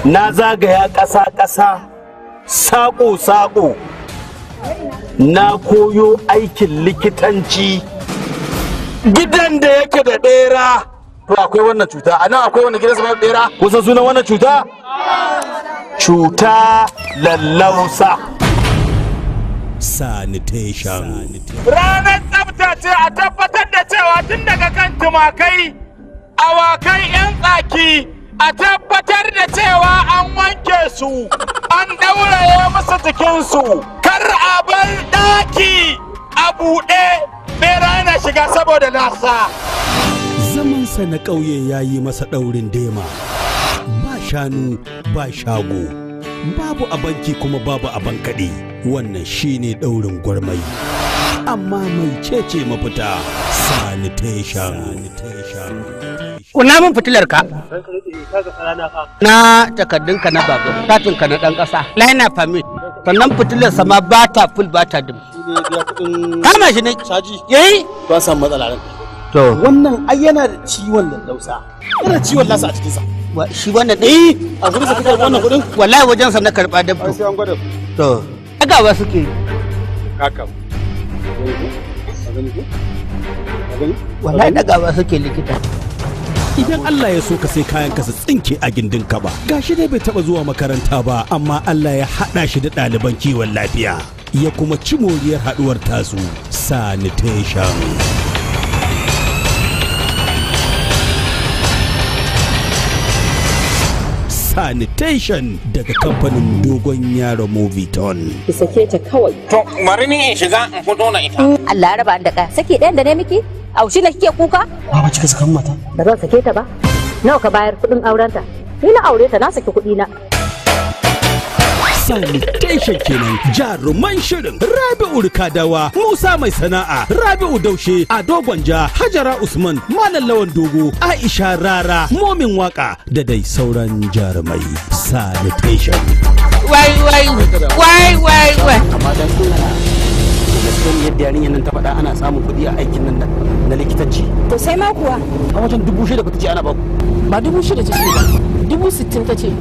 na zagaya ƙasa-ƙasa saƙo-saƙo na koyo aikin likitanci gidan da yake da ɗera to akwai wannan cuta a nan akwai wannan gidan sama da ɗera kusan sunan wannan cuta cuta lallausa sanitation ranar tsafta ce a tabbatar da cewa tun daga kan tumakai awakai 'yan tsaki a tabbatar da cewa an wanke su an ɗauraye musu jikinsu kar a bar ɗaki a buɗe bera yana shiga saboda nasa zamansa na ƙauye ya yi masa ɗaurin dema ba shanu ba shago babu abanki kuma babu abankaɗe wannan shine ɗaurin gwarmai amma mai cece mafita sanitation Kuna mun fitilar ka. Na takardunka na babur, satinka na ɗan ƙasa, laina permit. Sannan fitilar sama ba ta full ba ta dim. Kama shi ne. Caji. Yayi. Eh? Ba san matsala ran. To. Wannan ai yana da ciwon lallausa. Yana ciwon lasa a cikinsa. Shi wannan ɗin? Eh, a gurin sa fitar wannan kuɗin? Wallahi wajen sa na karɓa dabto. Ai sai an gwada. To. Agawa suke. Kakam. Wallahi dagawa suke likita. idan Allah ya so ka sai kayan ka su tsinke a gindin ka ba gashi dai bai taba zuwa makaranta ba amma Allah ya haɗa shi da ɗaliban kiwon lafiya ya kuma ci moriyar haduwar tasu sanitation sanitation daga kamfanin dogon yaro moviton ki sake ta kawai to bari ni in shiga in fito na ita Allah raba da ka sake ɗayan da ne miki aushi na kike kuka ba ba kika sakan mata ba zan sake ta ba nawa ka bayar kuɗin aurenta ni na aure ta na saki kuɗi na sanitation kenan jaruman shirin rabi'u kadawa musa mai sana'a rabi'u daushe a dogonja hajara usman malam lawan dogo aisha rara momin waka da dai sauran jarumai salutation wai wai wai wai don yadda yarinyar nan ta faɗa ana samun kuɗi a aikin nan na likitanci. To sai ma kuwa. A wajen dubu shida ba ta ce ana ba ku. Ba dubu shida ta ce ba, dubu sittin ta ce.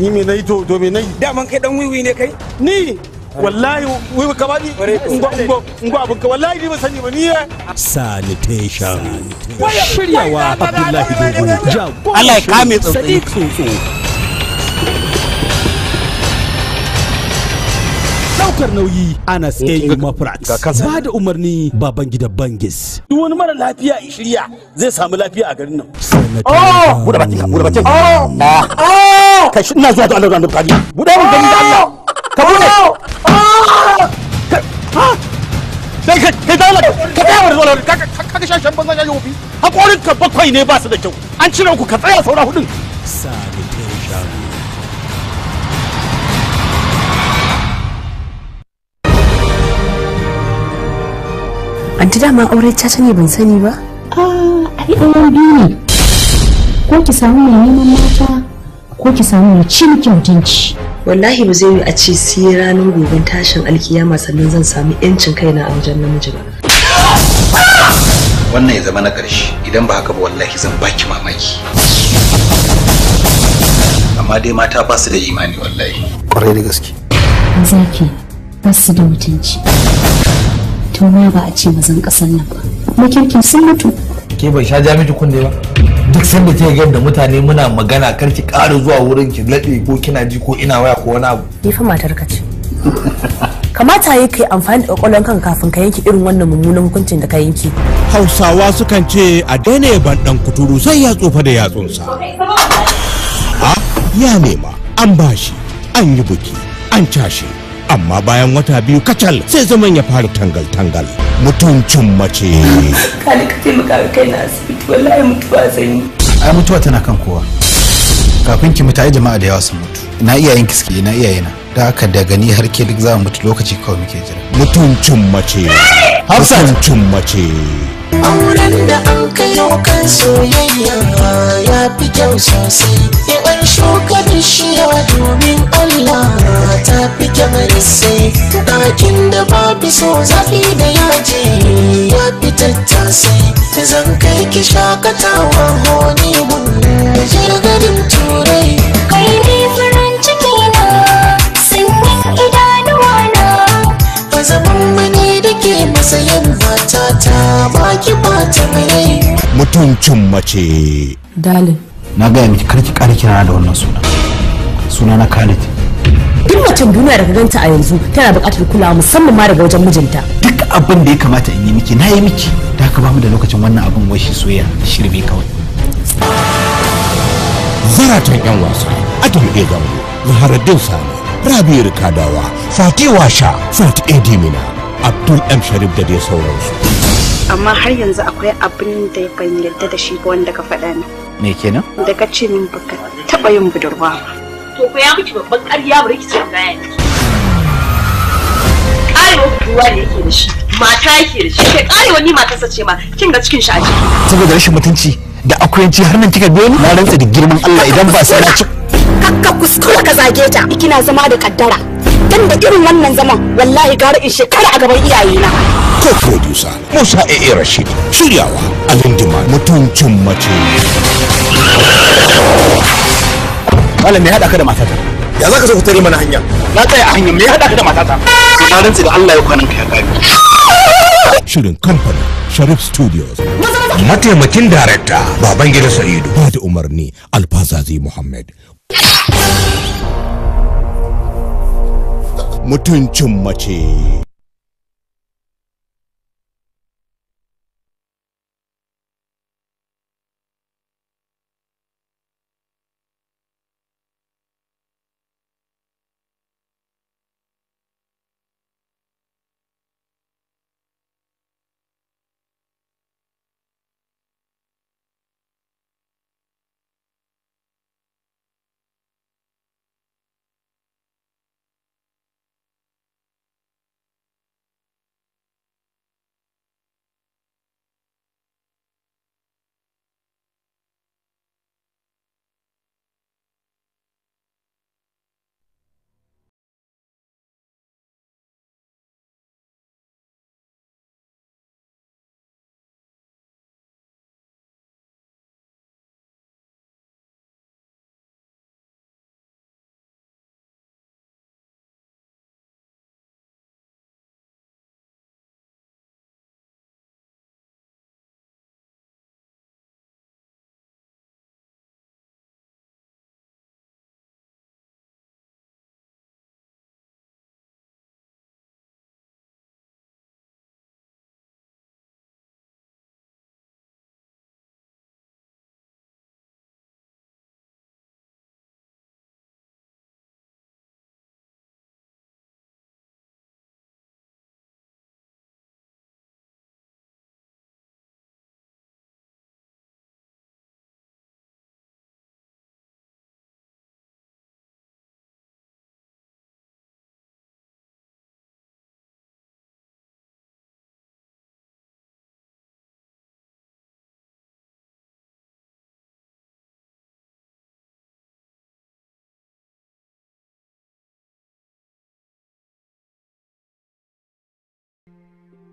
ni me nayi to to me nayi daman kai dan wiwi ne kai ni wallahi wiwi ka bani ngo ngo ngo abun ka wallahi ni ba sani ba ni sanitation shiryawa abdullahi dogon jago Allah ya kame tsotsi ɗaukar nauyi Anas AU Mafrax. Ba da umarni baban gida Bangis. Duk wani mara lafiya in shirya zai samu lafiya a garin nan. Oh! Buɗe bakin ka, buɗe bakin. Oh, oh. shi ina zuwa da Allah da Buɗe mun gani da Allah. Oh. Ka buɗe. Kai kai kai da Allah. Ka tsaya wani zuwa ka ka banza ya Hakorin ka bakwai ne ba su da kyau. An cire ku ka tsaya saura hudun. Sanitation. anti dama auren ta ne ban sani ba ah, ai auren biyu ne ko ki samu mai neman mata ko ki samu mai ci miki mutunci wallahi ba zai yi a ce sai ranar goben tashin alkiyama sannan zan samu yancin kaina a wajen namiji ba wannan ya zama na ƙarshe idan ba haka ba wallahi zan baki mamaki amma dai mata ba su da imani wallahi ƙwarai da gaske zaki ba su da mutunci to ma ba a ce mazan ƙasan nan ba makirkin sun mutu ke bai sha ja miki kunne ba duk sanda ke ga da mutane muna magana kar ki ƙara zuwa wurin ki laɗe ko kina ji ko ina waya ko wani abu ni fa matar ka ce kamata yi kai amfani da kwakwalwar kan kafin ka yanke irin wannan mummunan hukuncin da ka yanke hausawa sukan ce a daina ban dan kuturu sai ya tsofa da yatsunsa ya nema an bashi an yi buki an cashe amma bayan wata biyu kacal sai zaman ya fara tangal-tangal mutuncin mace [LAUGHS] kani ka taimaka kai na asibiti wallahi mutuwa sanyi ai mutuwa tana kan kowa kafin ki mutane jama'a da yawa sun mutu na iyayen ki suke na iyayena da aka da gani har ke duk za mutu lokaci kawai muke jira mutuncin mace hafsat mutuncin mace auren da an kai kan soyayya ya fi kyau sosai shuka bishiya domin Allah ta fi kyamar sai ɗakin da babu so zafi da yaji ya fi tattasai zan kai ki shakatawa honi mun turai kai ne farin ciki na sanyin idanuwa na Ba zaman mani da ke bata ta, baki bata mai mutuncin mace dalin na gaya miki kar ki ƙara kira da wannan suna suna na Khalid duk macen duniya da ka ganta a yanzu tana buƙatar kulawa musamman ma daga wajen mijinta duk abin da ya kamata in yi miki na yi miki da ba mu da lokacin wannan abin wai shi soyayya shirme kawai zaratan yan wasa adam egan zaharaddin sani rabi'u Rikadawa Fati sha Fati edimina abdul m sharif da dai sauransu amma har yanzu akwai abin da ban yarda da shi wanda ka faɗa ni me kenan da ka ce min baka taba yin budurwa ba to ku ya miki babban ƙarya bari ki san gaya ne karewa budurwa ne yake da shi mata yake da shi kai karewa ni matarsa ce ma kin ga cikin shi a ciki saboda rashin mutunci da akuyanci har nan kika biyo ni na rantsa da girman Allah idan ba sai na ci kakka kuskura ka zage ta kina zama da kaddara tun da irin wannan zaman wallahi gara in shekara a gaban iyayena co-producer Musa A.A. Rashid shiryawa Alindima Dima mutuncin mace. Malam me haɗa ka da matata? Ya za ka so ku tare mana hanya? Na tsaya a hanyar me haɗa ka da matata? Na rantsi da Allah ya kwanan ka ya kai. Shirin kamfanin Sharif Studios. Mataimakin darekta Babangida Sa'idu. Ba umarni Alfazazi Muhammad. Mutuncin mace. Thank you.